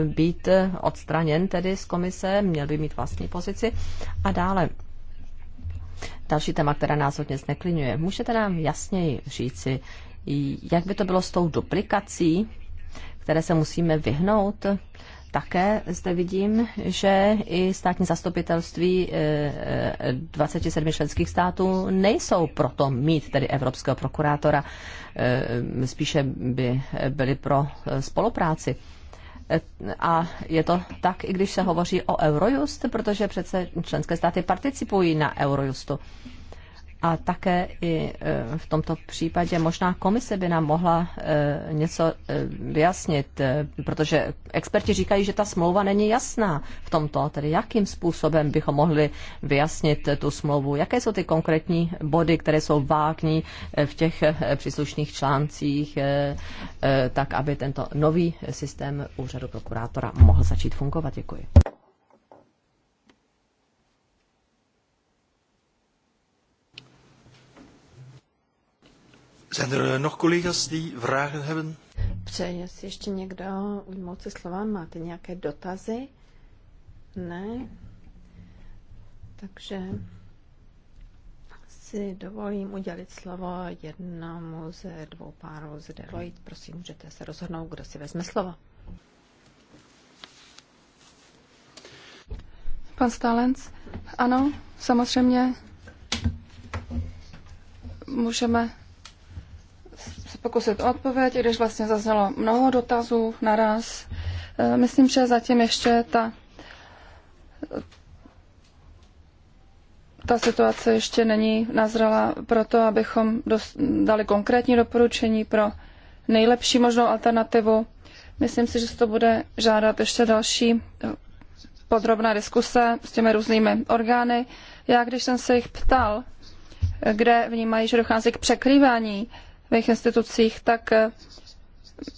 být odstraněn tedy z komise, měl by mít vlastní pozici a dále. Další téma, která nás hodně zneklinuje. Můžete nám jasněji říci, jak by to bylo s tou duplikací, které se musíme vyhnout? Také zde vidím, že i státní zastupitelství 27 eh, eh, členských států nejsou proto mít tedy evropského prokurátora, eh, spíše by byli pro spolupráci. A je to tak, i když se hovoří o Eurojust, protože přece členské státy participují na Eurojustu. A také i e, v tomto případě možná komise by nám mohla e, něco e, vyjasnit, protože experti říkají, že ta smlouva není jasná v tomto, tedy jakým způsobem bychom mohli vyjasnit tu smlouvu, jaké jsou ty konkrétní body, které jsou vágní v těch příslušných článcích, tak aby tento nový systém úřadu prokurátora mohl začít fungovat. Děkuji. Zijn er eh, nog collega's die vragen hebben? Přeje si ještě někdo ujmout se slova? Máte nějaké dotazy? Ne? Takže si dovolím udělit slovo jednomu ze dvou párů z Deloitte. Prosím, můžete se rozhodnout, kdo si vezme slovo. Pan Stálenc? Ano, samozřejmě můžeme pokusit o odpověď, když vlastně zaznělo mnoho dotazů naraz. E, myslím, že zatím ještě ta, ta situace ještě není nazrala to abychom dali konkrétní doporučení pro nejlepší možnou alternativu. Myslím si, že se to bude žádat ještě další e, podrobná diskuse s těmi různými orgány. Já, když jsem se jich ptal, e, kde vnímají, že dochází k překrývání v jejich institucích, tak eh,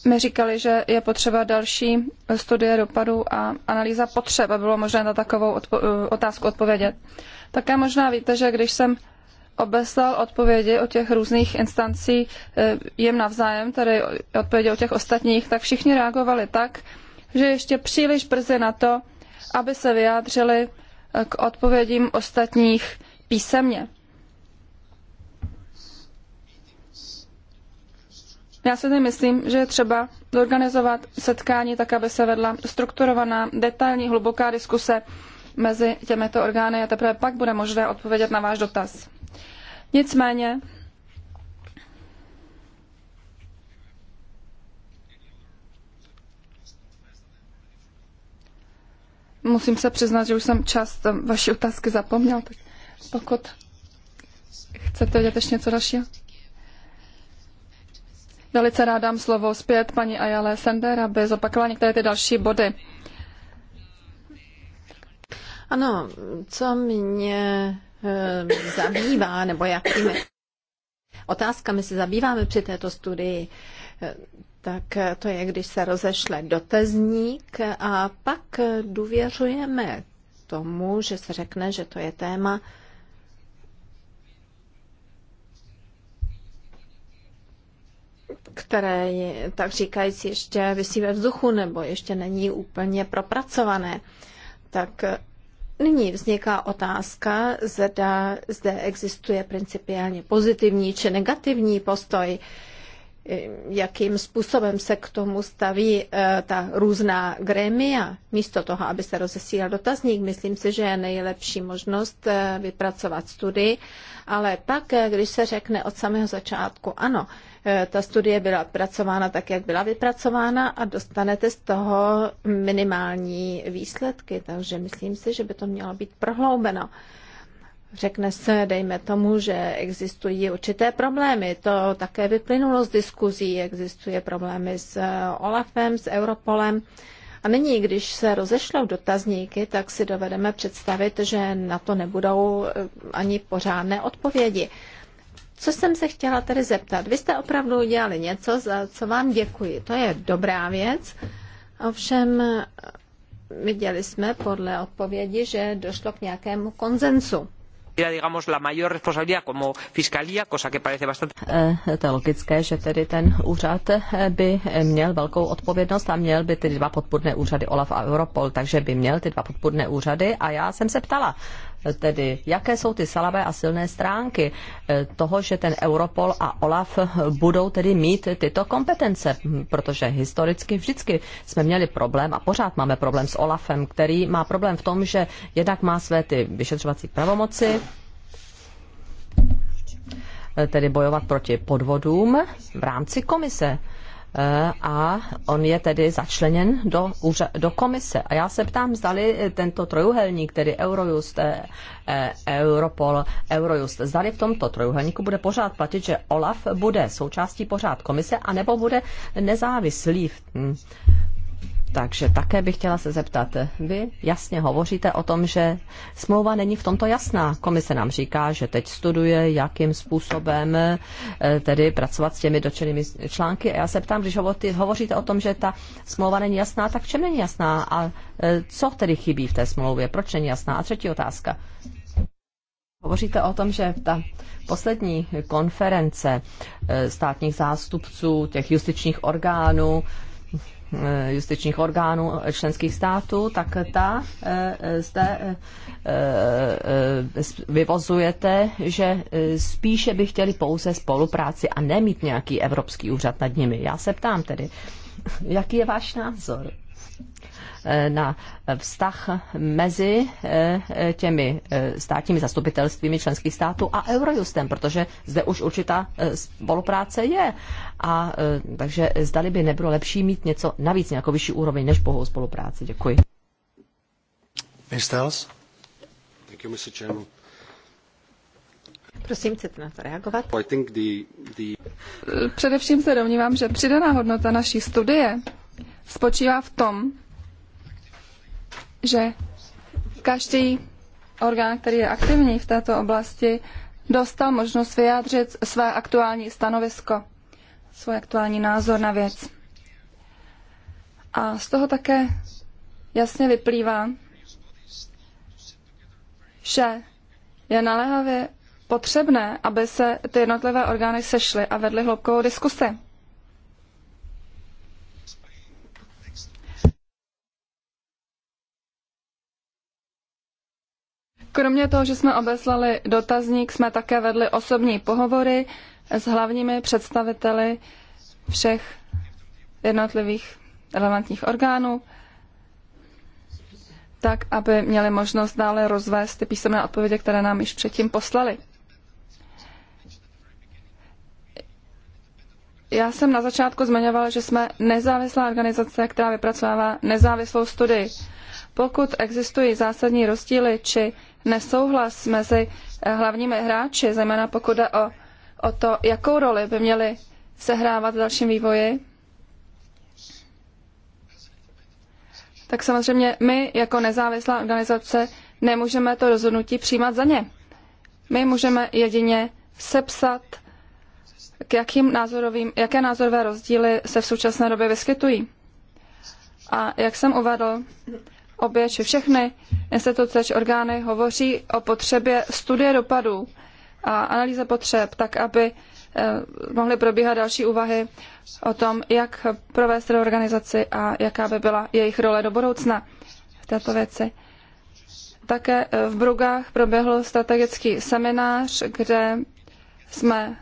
mi říkali, že je potřeba další eh, studie dopadu a analýza potřeb, aby bylo možné na takovou odpo- eh, otázku odpovědět. Také možná víte, že když jsem obeslal odpovědi o těch různých instancí jim navzájem, tedy odpovědi o těch ostatních, tak všichni reagovali tak, že ještě příliš brzy na to, aby se vyjádřili k odpovědím ostatních písemně. Já si tedy myslím, že je třeba zorganizovat setkání tak, aby se vedla strukturovaná, detailní, hluboká diskuse mezi těmito orgány a teprve pak bude možné odpovědět na váš dotaz. Nicméně musím se přiznat, že už jsem část vaší otázky zapomněl, tak pokud chcete dělat ještě něco dalšího. Velice rád dám slovo zpět paní Ayale Sender, aby zopakovala některé ty další body. Ano, co mě e, zabývá, nebo jakými otázkami se zabýváme při této studii, eh, tak to je, když se rozešle dotezník a pak důvěřujeme tomu, že se řekne, že to je téma, které je, tak říkajíc ještě vysí ve vzduchu nebo ještě není úplně propracované, tak eh, nyní vzniká otázka, zda zde existuje principiálně pozitivní či negativní postoj, eh, jakým způsobem se k tomu staví eh, ta různá grémia. Místo toho, aby se rozesílal dotazník, myslím si, že je nejlepší možnost vypracovat studii, ale pak, když se řekne od samého začátku, ano, Eh, ta studie byla pracována tak, jak byla vypracována a dostanete z toho minimální výsledky, takže myslím si, že by to mělo být prohloubeno. Řekne se, dejme tomu, že existují určité problémy. To také vyplynulo z diskuzí. Existuje problémy s eh, OLAFem, s Europolem. A nyní, když se rozešlou dotazníky, tak si dovedeme představit, že na to nebudou eh, ani pořádné odpovědi. Co jsem se chtěla tedy zeptat? Vy jste opravdu udělali něco, za co vám děkuji. To je dobrá věc. Ovšem, viděli jsme podle odpovědi, že došlo k nějakému konzensu la como fiscalía, cosa que parece bastante. Eh, to je logické, že tedy ten úřad eh, by měl velkou odpovědnost a měl by ty dva podpůrné úřady OLAF a Europol, takže by měl ty dva podpůrné úřady a já jsem se ptala, tedy jaké jsou ty salavé a silné stránky eh, toho, že ten Europol a OLAF eh, budou tedy mít tyto kompetence, hm, protože historicky vždycky jsme měli problém a pořád máme problém s OLAFem, který má problém v tom, že jednak má své ty vyšetřovací pravomoci, eh, tedy bojovat proti podvodům v rámci komise a on je tedy začleněn do, do komise. A já se ptám, zdali tento trojuhelník, tedy Eurojust, eh, eh, Europol, Eurojust, zdali v tomto trojuhelníku bude pořád platit, že OLAF bude součástí pořád komise, anebo bude nezávislý takže také bych chtěla se zeptat, vy jasně hovoříte o tom, že smlouva není v tomto jasná. Komise nám říká, že teď studuje, jakým způsobem eh, tedy pracovat s těmi dočenými články. A já se ptám, když hovoříte o tom, že ta smlouva není jasná, tak v čem není jasná a eh, co tedy chybí v té smlouvě? Proč není jasná? A třetí otázka. Hovoříte o tom, že ta poslední konference eh, státních zástupců, těch justičních orgánů, Eh, justičních orgánů členských států, tak ta eh, zde eh, vyvozujete, že spíše by chtěli pouze spolupráci a nemít nějaký evropský úřad nad nimi. Já se ptám tedy, jaký je váš názor? Eh, na vztah mezi eh, těmi eh, státními zastupitelstvími členských států a Eurojustem, protože zde už určitá spolupráce je. A takže zdali by nebylo lepší mít něco navíc, nějakou vyšší úroveň než pohou spolupráci. Děkuji. Thank you, Mr. Chairman. Prosím, chcete na to reagovat? Především se domnívám, že přidaná hodnota naší studie spočívá v tom, že každý orgán, který je aktivní v této oblasti, dostal možnost vyjádřit své aktuální stanovisko, svůj aktuální názor na věc. A z toho také jasně vyplývá, že je naléhavě potřebné, aby se ty jednotlivé orgány sešly a vedly hloubkovou diskusi. Kromě toho, že jsme obeslali dotazník, jsme také vedli osobní pohovory s hlavními představiteli všech jednotlivých relevantních orgánů, tak, aby měli možnost dále rozvést ty písemné odpovědi, které nám již předtím poslali. Já jsem na začátku zmiňovala, že jsme nezávislá organizace, která vypracovává nezávislou studii. Pokud existují zásadní rozdíly či nesouhlas mezi eh, hlavními hráči, zejména pokud jde o, o to, jakou roli by měli sehrávat v dalším vývoji, tak samozřejmě my jako nezávislá organizace nemůžeme to rozhodnutí přijímat za ně. My můžeme jedině sepsat, k jakým názorovým, jaké názorové rozdíly se v současné době vyskytují. A jak jsem uvedl, obě či všechny instituce či orgány hovoří o potřebě studie dopadů a analýze potřeb, tak aby eh, mohly probíhat další úvahy o tom, jak provést reorganizaci a jaká by byla jejich role do budoucna v této věci. Také eh, v Brugách proběhl strategický seminář, kde jsme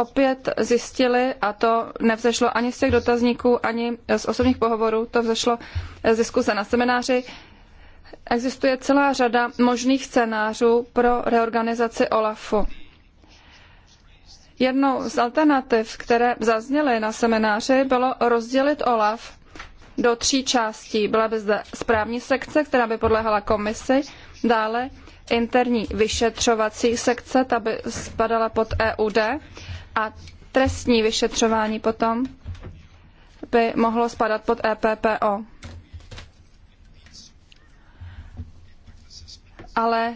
opět zjistili, a to nevzešlo ani z těch dotazníků, ani z osobních pohovorů, to vzešlo z diskuse na semináři, existuje celá řada možných scénářů pro reorganizaci OLAFu. Jednou z alternativ, které zazněly na semináři, bylo rozdělit OLAF do tří částí. Byla by zde správní sekce, která by podléhala komisi, dále interní vyšetřovací sekce, ta by spadala pod EUD a trestní vyšetřování potom by mohlo spadat pod EPPO. Ale,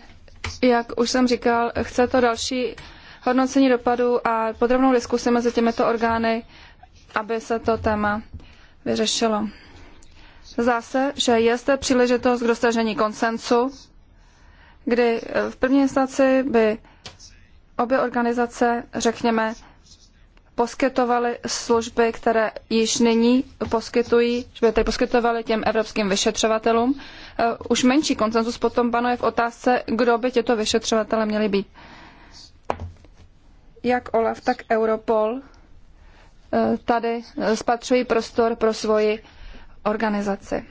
jak už jsem říkal, chce to další hodnocení dopadu a podrobnou diskusi mezi těmito orgány, aby se to téma vyřešilo. Zdá se, že je zde příležitost k dosažení konsensu, kdy v první instanci by obě organizace, řekněme, poskytovaly služby, které již nyní poskytují, že by poskytovaly těm evropským vyšetřovatelům. Eh, už menší koncenzus potom panuje v otázce, kdo by těto vyšetřovatele měli být. Jak OLAF, tak Europol eh, tady spatřují prostor pro svoji organizaci.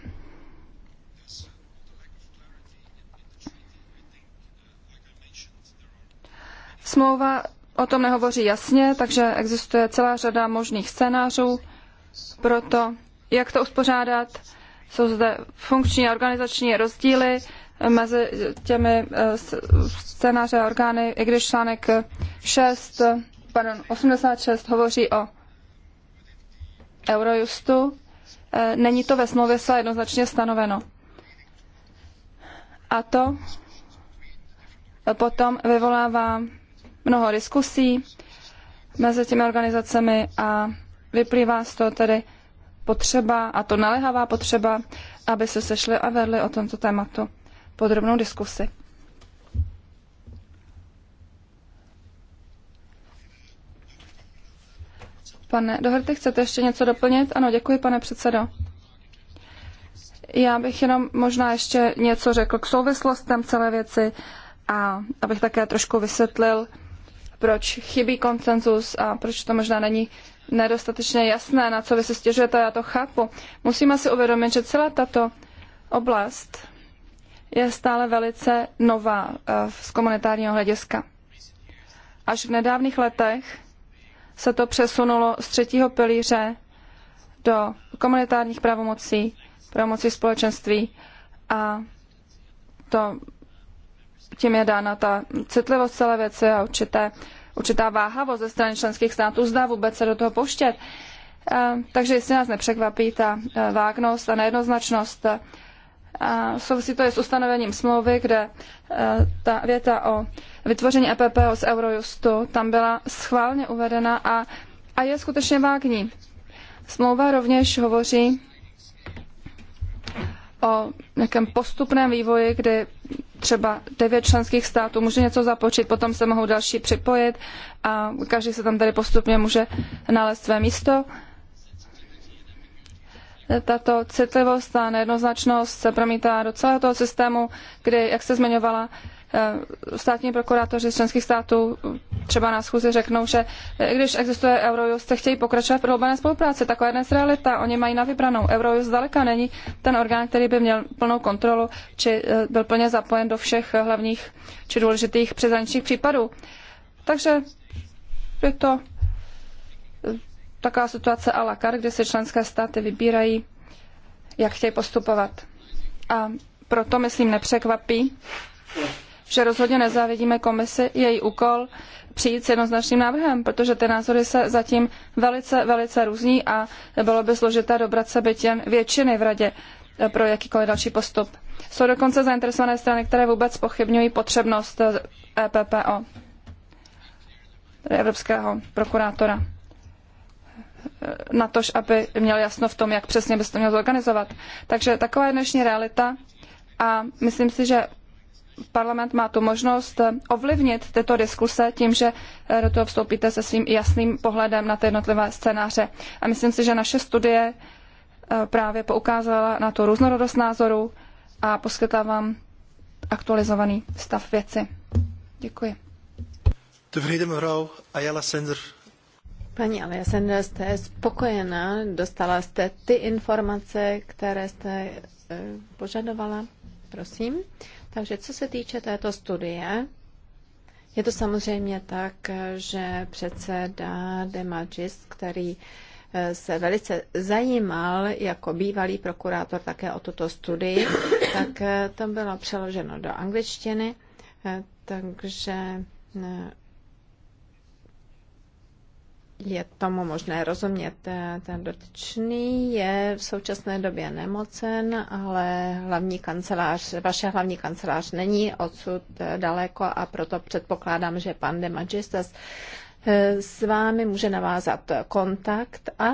Smlouva o tom nehovoří jasně, takže existuje celá řada možných scénářů pro to, jak to uspořádat. Jsou zde funkční a organizační rozdíly mezi těmi eh, scénáře a orgány, i když článek 6, pardon, 86 hovoří o Eurojustu, eh, není to ve smlouvě se jednoznačně stanoveno. A to potom vyvolává mnoho diskusí mezi těmi organizacemi a vyplývá z toho tedy potřeba, a to naléhavá potřeba, aby se sešli a vedli o tomto tématu podrobnou diskusi. Pane Dohrty, chcete ještě něco doplnit? Ano, děkuji, pane předsedo. Já bych jenom možná ještě něco řekl k souvislostem celé věci a abych také trošku vysvětlil, proč chybí konsenzus a proč to možná není nedostatečně jasné, na co vy se stěžujete, já to chápu. Musíme si uvědomit, že celá tato oblast je stále velice nová eh, z komunitárního hlediska. Až v nedávných letech se to přesunulo z třetího pilíře do komunitárních pravomocí, pravomocí společenství a to tím je dána ta citlivost celé věci a určité, určitá váhavost ze strany členských států, zda vůbec se do toho pouštět. Eh, takže jestli nás nepřekvapí ta eh, vágnost a nejednoznačnost, eh, a souvisí to je s ustanovením smlouvy, kde ta věta o vytvoření EPPO z Eurojustu tam byla schválně uvedena a, a je skutečně vágní. Smlouva rovněž hovoří o nějakém postupném vývoji, kdy třeba devět členských států může něco započít, potom se mohou další připojit a každý se tam tady postupně může nalézt své místo. Tato citlivost a nejednoznačnost se promítá do celého toho systému, kdy, jak se zmiňovala, Eh, státní prokurátoři z členských států třeba na schůzi řeknou, že i eh, když existuje Eurojust, se chtějí pokračovat v prohloubené spolupráci. Taková je dnes realita. Oni mají na vybranou. Eurojust zdaleka není ten orgán, který by měl plnou kontrolu, či eh, byl plně zapojen do všech hlavních či důležitých přezraničních případů. Takže je to taková situace a la carte, kde se členské státy vybírají, jak chtějí postupovat. A proto, myslím, nepřekvapí, že rozhodně nezávidíme komisi její úkol přijít s jednoznačným návrhem, protože ty názory se zatím velice, velice různí a bylo by složité dobrat se byt jen většiny v radě eh, pro jakýkoliv další postup. Jsou dokonce zainteresované strany, které vůbec pochybňují potřebnost EPPO, eh, e tedy Evropského prokurátora. Eh, Na tož, aby měl jasno v tom, jak přesně by se to měl zorganizovat. Takže taková je dnešní realita a myslím si, že parlament má tu možnost eh, ovlivnit tyto diskuse tím, že eh, do toho vstoupíte se svým jasným pohledem na ty jednotlivé scénáře. A myslím si, že naše studie eh, právě poukázala na tu různorodost názorů a poskytla vám aktualizovaný stav věci. Děkuji. Tevrede mevrouw Ayala Sender. Paní Ayala jste spokojená? Dostala jste ty informace, které jste požadovala? Prosím. Takže co se týče této studie, je to samozřejmě tak, že předseda De Magis, který eh, se velice zajímal jako bývalý prokurátor také o tuto studii, tak eh, to bylo přeloženo do angličtiny, eh, takže je tomu možné rozumět. Eh, Ten dotyčný je v současné době nemocen, ale hlavní kancelář, vaše hlavní kancelář není odsud eh, daleko a proto předpokládám, že pan de Magistas eh, s vámi může navázat kontakt a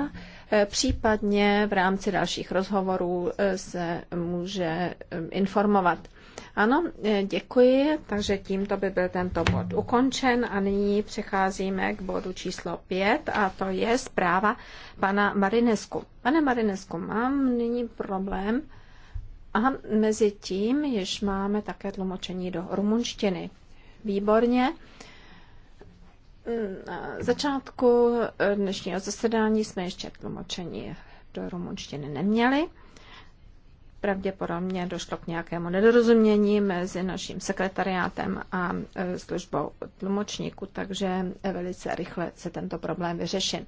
případně v rámci dalších rozhovorů se může informovat. Ano, eh, děkuji, takže tímto by byl tento bod ukončen a nyní přecházíme k bodu číslo 5 a to je zpráva pana Marinesku. Pane Marinesku, mám nyní problém a mezi tím již máme také tlumočení do rumunštiny. Výborně. Mm, na začátku eh, dnešního zasedání jsme ještě tlumočení do rumunštiny neměli pravděpodobně došlo k nějakému nedorozumění mezi naším sekretariátem a e, službou tlumočníků, takže e, velice rychle se tento problém vyřešil.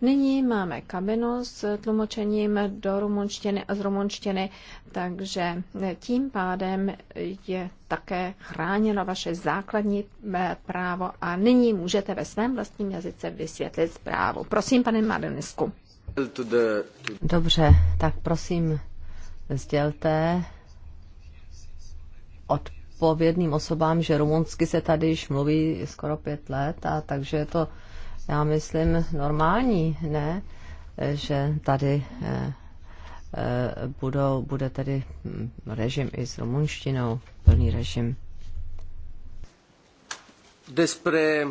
Nyní máme kabinu s tlumočením do rumunštiny a z rumunštiny, takže e, tím pádem je také chráněno vaše základní právo a nyní můžete ve svém vlastním jazyce vysvětlit zprávu. Prosím, pane Marinisku. Dobře, tak prosím, sdělte odpovědným osobám, že rumunsky se tady již mluví skoro pět let, a takže je to, já myslím, normální, ne? Že tady eh, eh, budou, bude tedy hm, režim i s rumunštinou, plný režim. Despre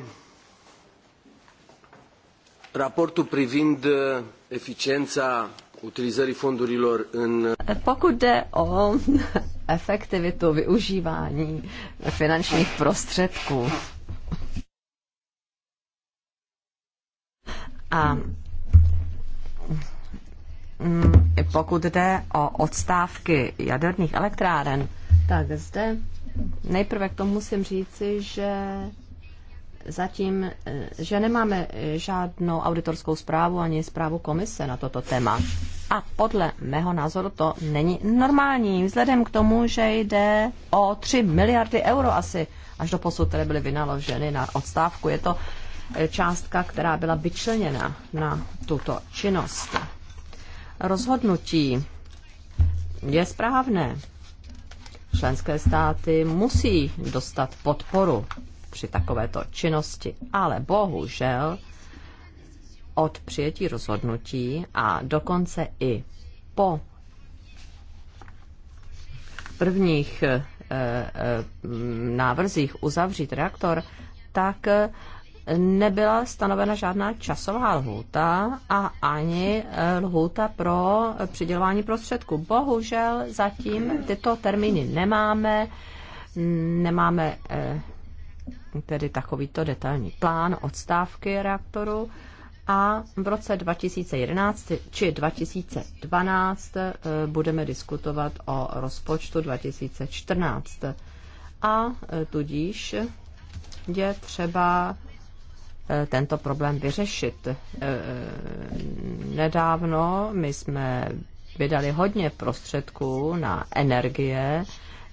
raportu privind eficiența pokud jde o efektivitu využívání finančních prostředků a mm, pokud jde o odstávky jaderných elektráren, tak zde nejprve k tomu musím říci, že zatím, eh, že nemáme eh, žádnou auditorskou zprávu ani zprávu komise na toto téma. A podle mého názoru to není normální, vzhledem k tomu, že jde o 3 miliardy euro asi, až do posud, které byly vynaloženy na odstávku. Je to eh, částka, která byla vyčleněna na tuto činnost. Rozhodnutí je správné. Členské státy musí dostat podporu při takovéto činnosti. Ale bohužel od přijetí rozhodnutí a dokonce i po prvních eh, eh, návrzích uzavřít reaktor, tak eh, nebyla stanovena žádná časová lhůta a ani lhůta pro přidělování prostředků. Bohužel zatím tyto termíny nemáme, nemáme tedy takovýto detailní plán odstávky reaktoru a v roce 2011 či 2012 eh, budeme diskutovat o rozpočtu 2014. A eh, tudíž je třeba eh, tento problém vyřešit. Nedávno my jsme vydali hodně prostředků na energie,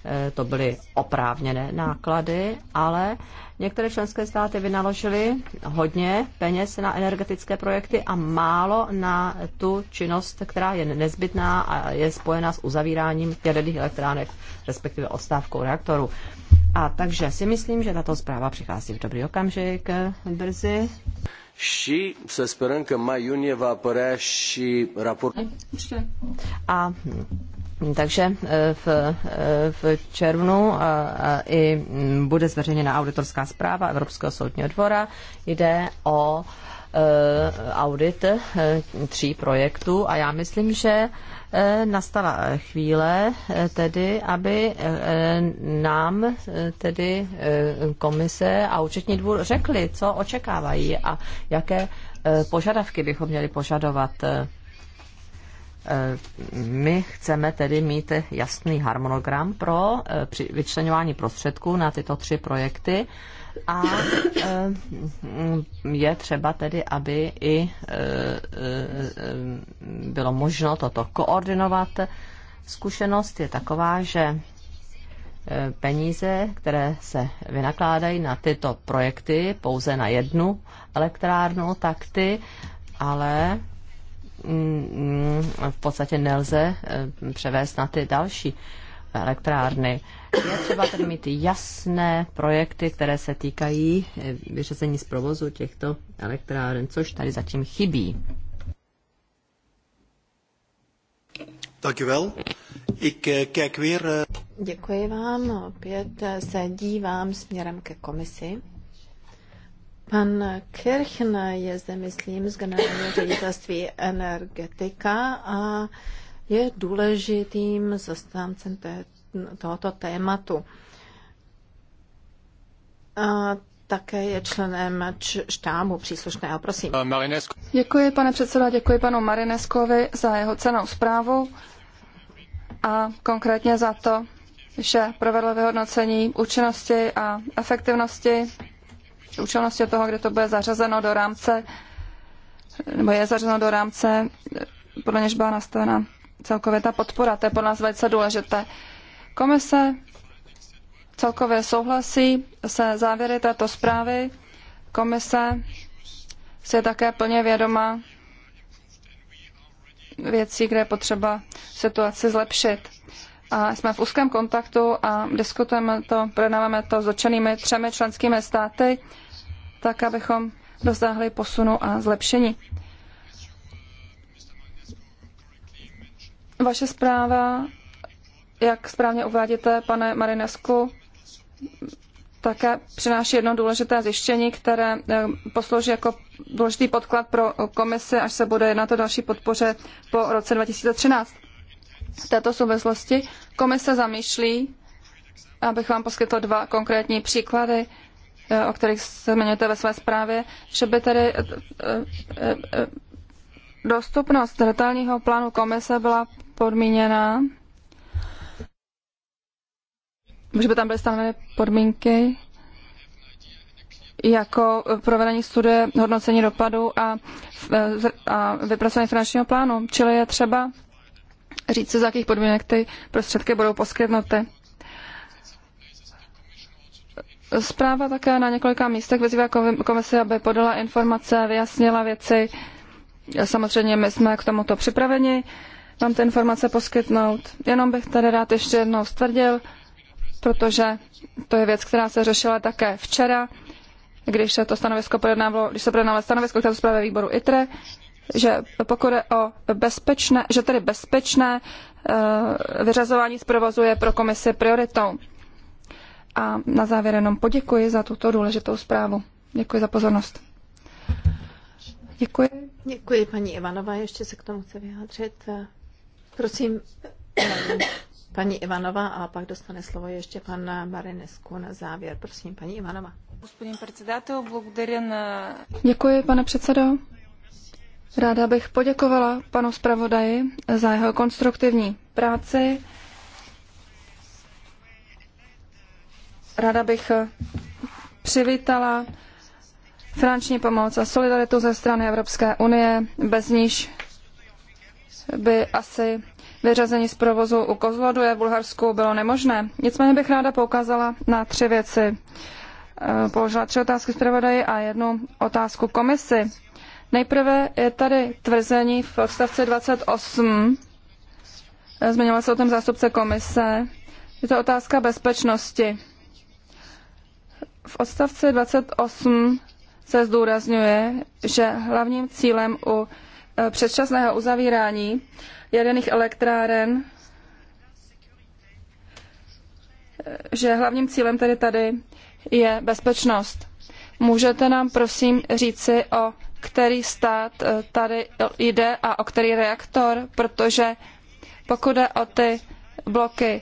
Eh, to byly oprávněné náklady, ale některé členské státy vynaložily hodně peněz na energetické projekty a málo na tu činnost, která je nezbytná a je spojena s uzavíráním jaderných elektránek, respektive odstávkou reaktoru. A takže si myslím, že tato zpráva přichází v dobrý okamžik brzy. Și să sperăm că mai iunie va apărea și raportul. A takže eh, v, eh, v červnu a, a i bude zveřejněna auditorská zpráva Evropského soudního dvora. Jde o e, audit tří projektů a já myslím, že nastala chvíle tedy, aby nám tedy komise a účetní dvůr řekli, co očekávají a jaké požadavky bychom měli požadovat my chceme tedy mít jasný harmonogram pro eh, vyčlenování prostředků na tyto tři projekty a eh, je třeba tedy, aby i eh, bylo možno toto koordinovat. Zkušenost je taková, že peníze, které se vynakládají na tyto projekty, pouze na jednu elektrárnu, tak ty ale Mm, v podstatě nelze eh, převést na ty další elektrárny. Je třeba tedy mít jasné projekty, které se týkají eh, vyřazení z provozu těchto elektráren, což tady zatím chybí. Eh, Děkuji vám. Opět se dívám směrem ke komisi. Pan Kirchner je zde, myslím, z generálního ředitelství energetika a je důležitým zastáncem té, tohoto tématu. A také je členem štábu příslušného, prosím. Marinesko. Děkuji, pane předsedo, děkuji panu Marineskovi za jeho cenou zprávu a konkrétně za to, že provedl vyhodnocení účinnosti a efektivnosti účelnosti toho, kde to bude zařazeno do rámce, nebo je zařazeno do rámce, podle něž byla nastavena celkově ta podpora. To je pro nás velice důležité. Komise celkově souhlasí se závěry této zprávy. Komise se je také plně vědoma věcí, kde je potřeba situaci zlepšit. A jsme v úzkém kontaktu a diskutujeme to, projednáváme to s dotčenými třemi členskými státy tak abychom dosáhli posunu a zlepšení. Vaše zpráva, jak správně uvádíte, pane Marinesku, také přináší jedno důležité zjištění, které eh, poslouží jako důležitý podklad pro komisi, až se bude jednat o další podpoře po roce 2013. V této souvislosti komise zamýšlí, abych vám poskytl dva konkrétní příklady Eh, o kterých se zmiňujete ve své zprávě, že by tedy eh, eh, dostupnost detailního plánu komise byla podmíněna, že by tam byly stanoveny podmínky jako provedení studie hodnocení dopadu a, a vypracování finančního plánu. Čili je třeba říct si, za jakých podmínek ty prostředky budou poskytnuty. Zpráva také na několika místech vyzývá komisi, aby podala informace, vyjasnila věci. Samozřejmě my jsme k tomuto připraveni vám ty informace poskytnout. Jenom bych tady rád ještě jednou stvrdil, protože to je věc, která se řešila také včera, když se to stanovisko projednávalo, když se projednávalo stanovisko k této zprávě výboru ITRE, že pokud je o bezpečné, že tedy bezpečné eh, vyřazování z provozu je pro komisi prioritou a na závěr jenom poděkuji za tuto důležitou zprávu. Děkuji za pozornost. Děkuji. Děkuji, paní Ivanová. Ještě se k tomu chce vyjádřit. Prosím, paní Ivanová a pak dostane slovo ještě pan Marinesku na závěr. Prosím, paní Ivanová. Děkuji, pane předsedo. Ráda bych poděkovala panu zpravodaji za jeho konstruktivní práci Ráda bych eh, přivítala finanční pomoc a solidaritu ze strany Evropské unie, bez níž by asi vyřazení z provozu u Kozloduje v Bulharsku bylo nemožné. Nicméně bych ráda poukázala na tři věci. Eh, položila tři otázky zpravodaji a jednu otázku komisi. Nejprve je tady tvrzení v odstavci 28. Eh, zmiňoval se o tom zástupce komise. Je to otázka bezpečnosti. V odstavci 28 se zdůrazňuje, že hlavním cílem u e, předčasného uzavírání jaderných elektráren, e, že hlavním cílem tedy tady je bezpečnost. Můžete nám prosím říci, o který stát e, tady jde a o který reaktor, protože pokud jde o ty bloky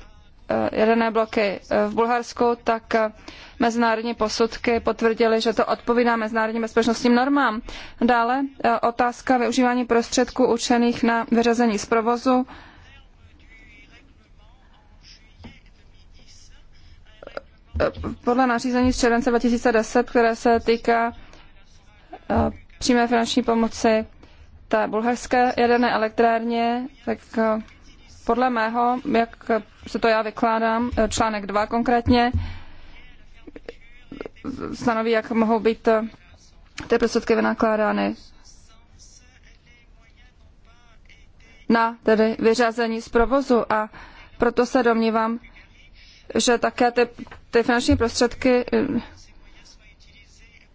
Eh, jaderné bloky eh, v Bulharsku, tak eh, mezinárodní posudky potvrdily, že to odpovídá mezinárodním bezpečnostním normám. Dále otázka využívání prostředků určených na vyřazení z provozu. Podle nařízení z července 2010, které se týká přímé finanční pomoci té bulharské jaderné elektrárně, tak podle mého, jak se to já vykládám, eh, článek 2 konkrétně, stanoví, jak mohou být eh, ty prostředky vynakládány na tedy vyřazení z provozu a proto se domnívám, že také ty, ty finanční prostředky eh,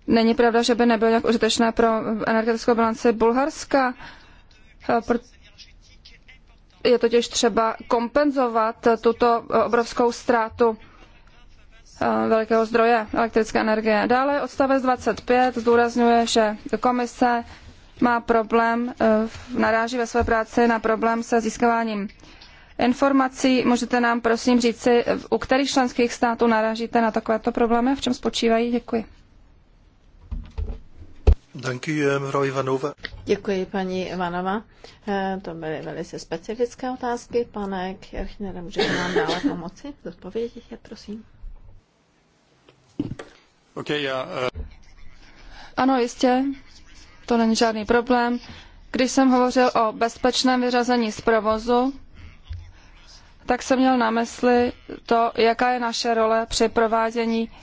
není pravda, že by nebyly nějak užitečné pro energetickou bilanci Bulharska, je totiž třeba kompenzovat tuto obrovskou ztrátu eh, velkého zdroje elektrické energie. Dále odstavec 25 zdůrazňuje, že komise má problém, eh, naráží ve své práci na problém se získáváním informací. Můžete nám prosím říci, u kterých členských států narážíte na takovéto problémy a v čem spočívají? Děkuji. Eh, Děkuji, paní Ivanova. Eh, to byly velice specifické otázky. Pane Kirchner, můžete nám dále pomoci? Zodpovědět je, prosím. Okay, já, uh... Ano, jistě. To není žádný problém. Když jsem hovořil o bezpečném vyřazení z provozu, tak jsem měl na mysli to, jaká je naše role při provádění uh,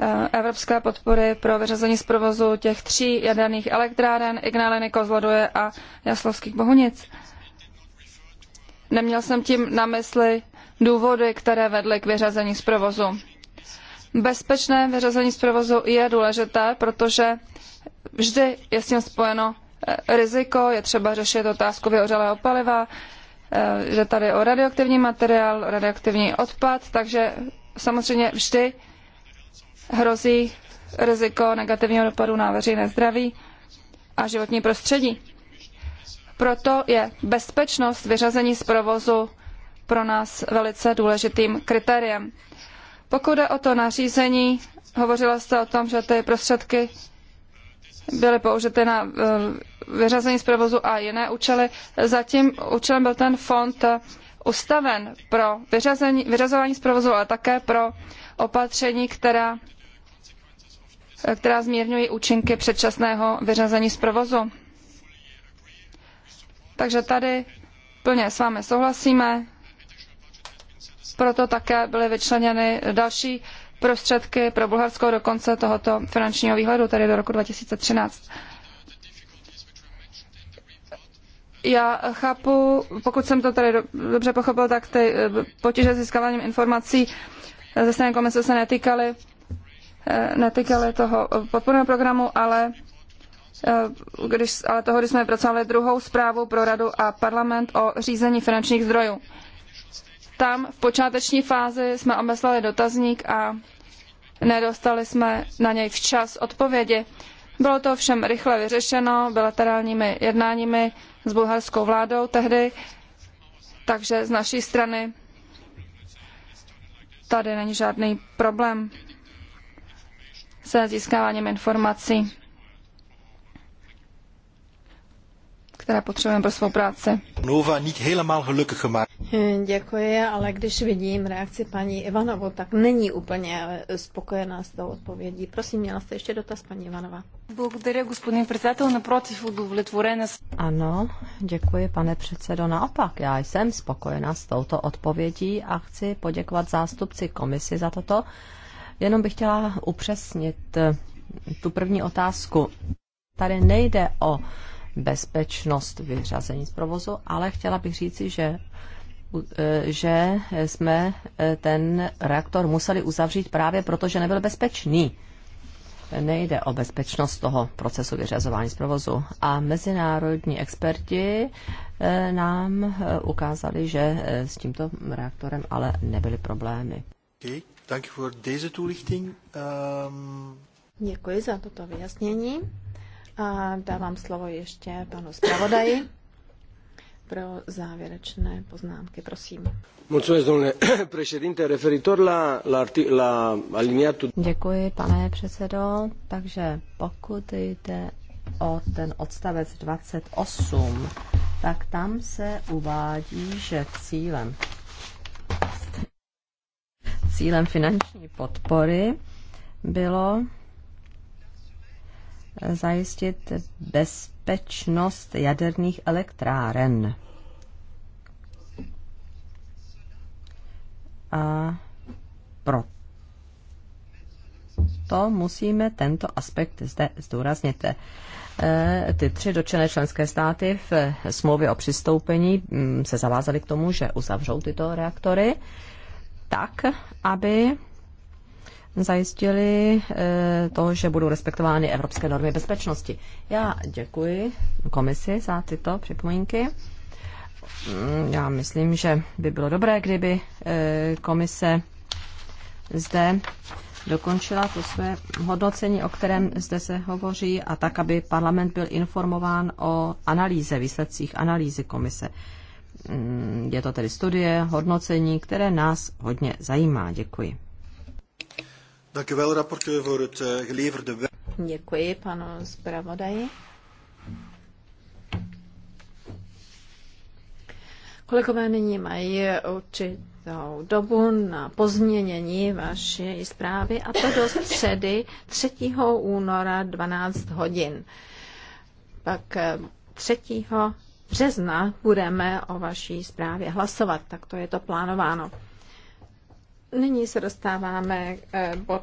Eh, evropské podpory pro vyřazení z provozu těch tří jaderných elektráren Ignaliny, Kozloduje a Jaslovských Bohunic. Neměl jsem tím na mysli důvody, které vedly k vyřazení z provozu. Bezpečné vyřazení z provozu je důležité, protože vždy je s tím spojeno eh, riziko, je třeba řešit otázku vyhořelého paliva, eh, že tady o radioaktivní materiál, radioaktivní odpad, takže samozřejmě vždy hrozí riziko negativního dopadu na veřejné zdraví a životní prostředí. Proto je bezpečnost vyřazení z provozu pro nás velice důležitým kritériem. Pokud jde o to nařízení, hovořila jste o tom, že ty prostředky byly použity na eh, vyřazení z provozu a jiné účely. Zatím účelem byl ten fond eh, ustaven pro vyřazení, vyřazování z provozu, ale také pro opatření, která která zmírňují účinky předčasného vyřazení z provozu. Takže tady plně s vámi souhlasíme. Proto také byly vyčleněny další prostředky pro Bulharsko do konce tohoto finančního výhledu, tedy do roku 2013. Já chápu, pokud jsem to tady dobře pochopil, tak ty eh, potíže s získáváním informací eh, ze strany komise se netýkaly netýkaly toho podporného programu, ale eh, když, ale toho, když jsme pracovali druhou zprávu pro radu a parlament o řízení finančních zdrojů. Tam v počáteční fázi jsme obeslali dotazník a nedostali jsme na něj včas odpovědi. Bylo to všem rychle vyřešeno bilaterálními jednáními s bulharskou vládou tehdy, takže z naší strany tady není žádný problém se získáváním informací, které potřebujeme pro svou práci. Nova niet helemaal gelukkig gemaakt. Hm, děkuji, ale když vidím reakci paní Ivanovu, tak není úplně eh, spokojená s tou odpovědí. Prosím, měla jste ještě dotaz, paní Ivanova. Благодаря, господин председател. Напротив, удовлетворена. Ano, děkuji, pane předsedo. Naopak, já jsem spokojená s touto odpovědí a chci poděkovat zástupci komisi za toto Jenom bych chtěla upřesnit eh, tu první otázku. Tady nejde o bezpečnost vyřazení z provozu, ale chtěla bych říci, že eh, že jsme eh, ten reaktor museli uzavřít právě proto, že nebyl bezpečný. Nejde o bezpečnost toho procesu vyřazování z provozu. A mezinárodní experti nám ukázali, že s tímto reaktorem ale nebyly problémy. Dank voor deze toelichting. Um... Děkuji za toto vyjasnění. A dávám slovo ještě panu zpravodaji pro závěrečné poznámky. Prosím. Mulțumesc, domnule președinte. Referitor la, la, la aliniatu... Děkuji, pane předsedo. Takže pokud jde o ten odstavec 28, tak tam se uvádí, že cílem Cílem finanční podpory bylo zajistit bezpečnost jaderných elektráren. A pro to musíme tento aspekt zde zdůraznit. E, ty tři dočené členské státy v smlouvě o přistoupení mm, se zavázaly k tomu, že uzavřou tyto reaktory tak, aby zajistili eh, to, že budou respektovány evropské normy bezpečnosti. Já děkuji komisi za tyto připomínky. Mm, já myslím, že by bylo dobré, kdyby eh, komise zde dokončila to své hodnocení, o kterém zde se hovoří, a tak, aby parlament byl informován o analýze, výsledcích analýzy komise. Mm, je to tedy studie, hodnocení, které nás hodně zajímá. Děkuji. Eh, Děkuji panu zpravodaji. Kolegové nyní mají určitou dobu na pozměnění vaší zprávy a to do středy 3. února 12 hodin. Pak 3. Eh, března budeme o vaší zprávě hlasovat, tak to je to plánováno. Nyní se dostáváme, eh, bod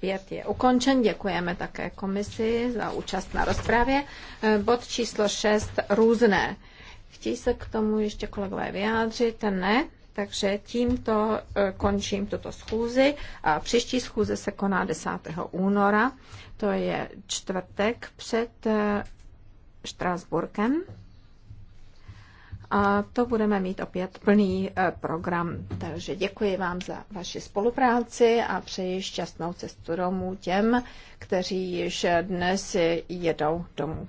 5 eh, je ukončen, děkujeme také komisi za účast na rozpravě. Eh, bod číslo 6 různé. Chtějí se k tomu ještě kolegové vyjádřit? Ne. Takže tímto končím tuto schůzi a příští schůze se koná 10. února, to je čtvrtek před Štrásburkem a to budeme mít opět plný eh, program. Takže děkuji vám za vaši spolupráci a přeji šťastnou cestu domů těm, kteří již dnes jedou domů.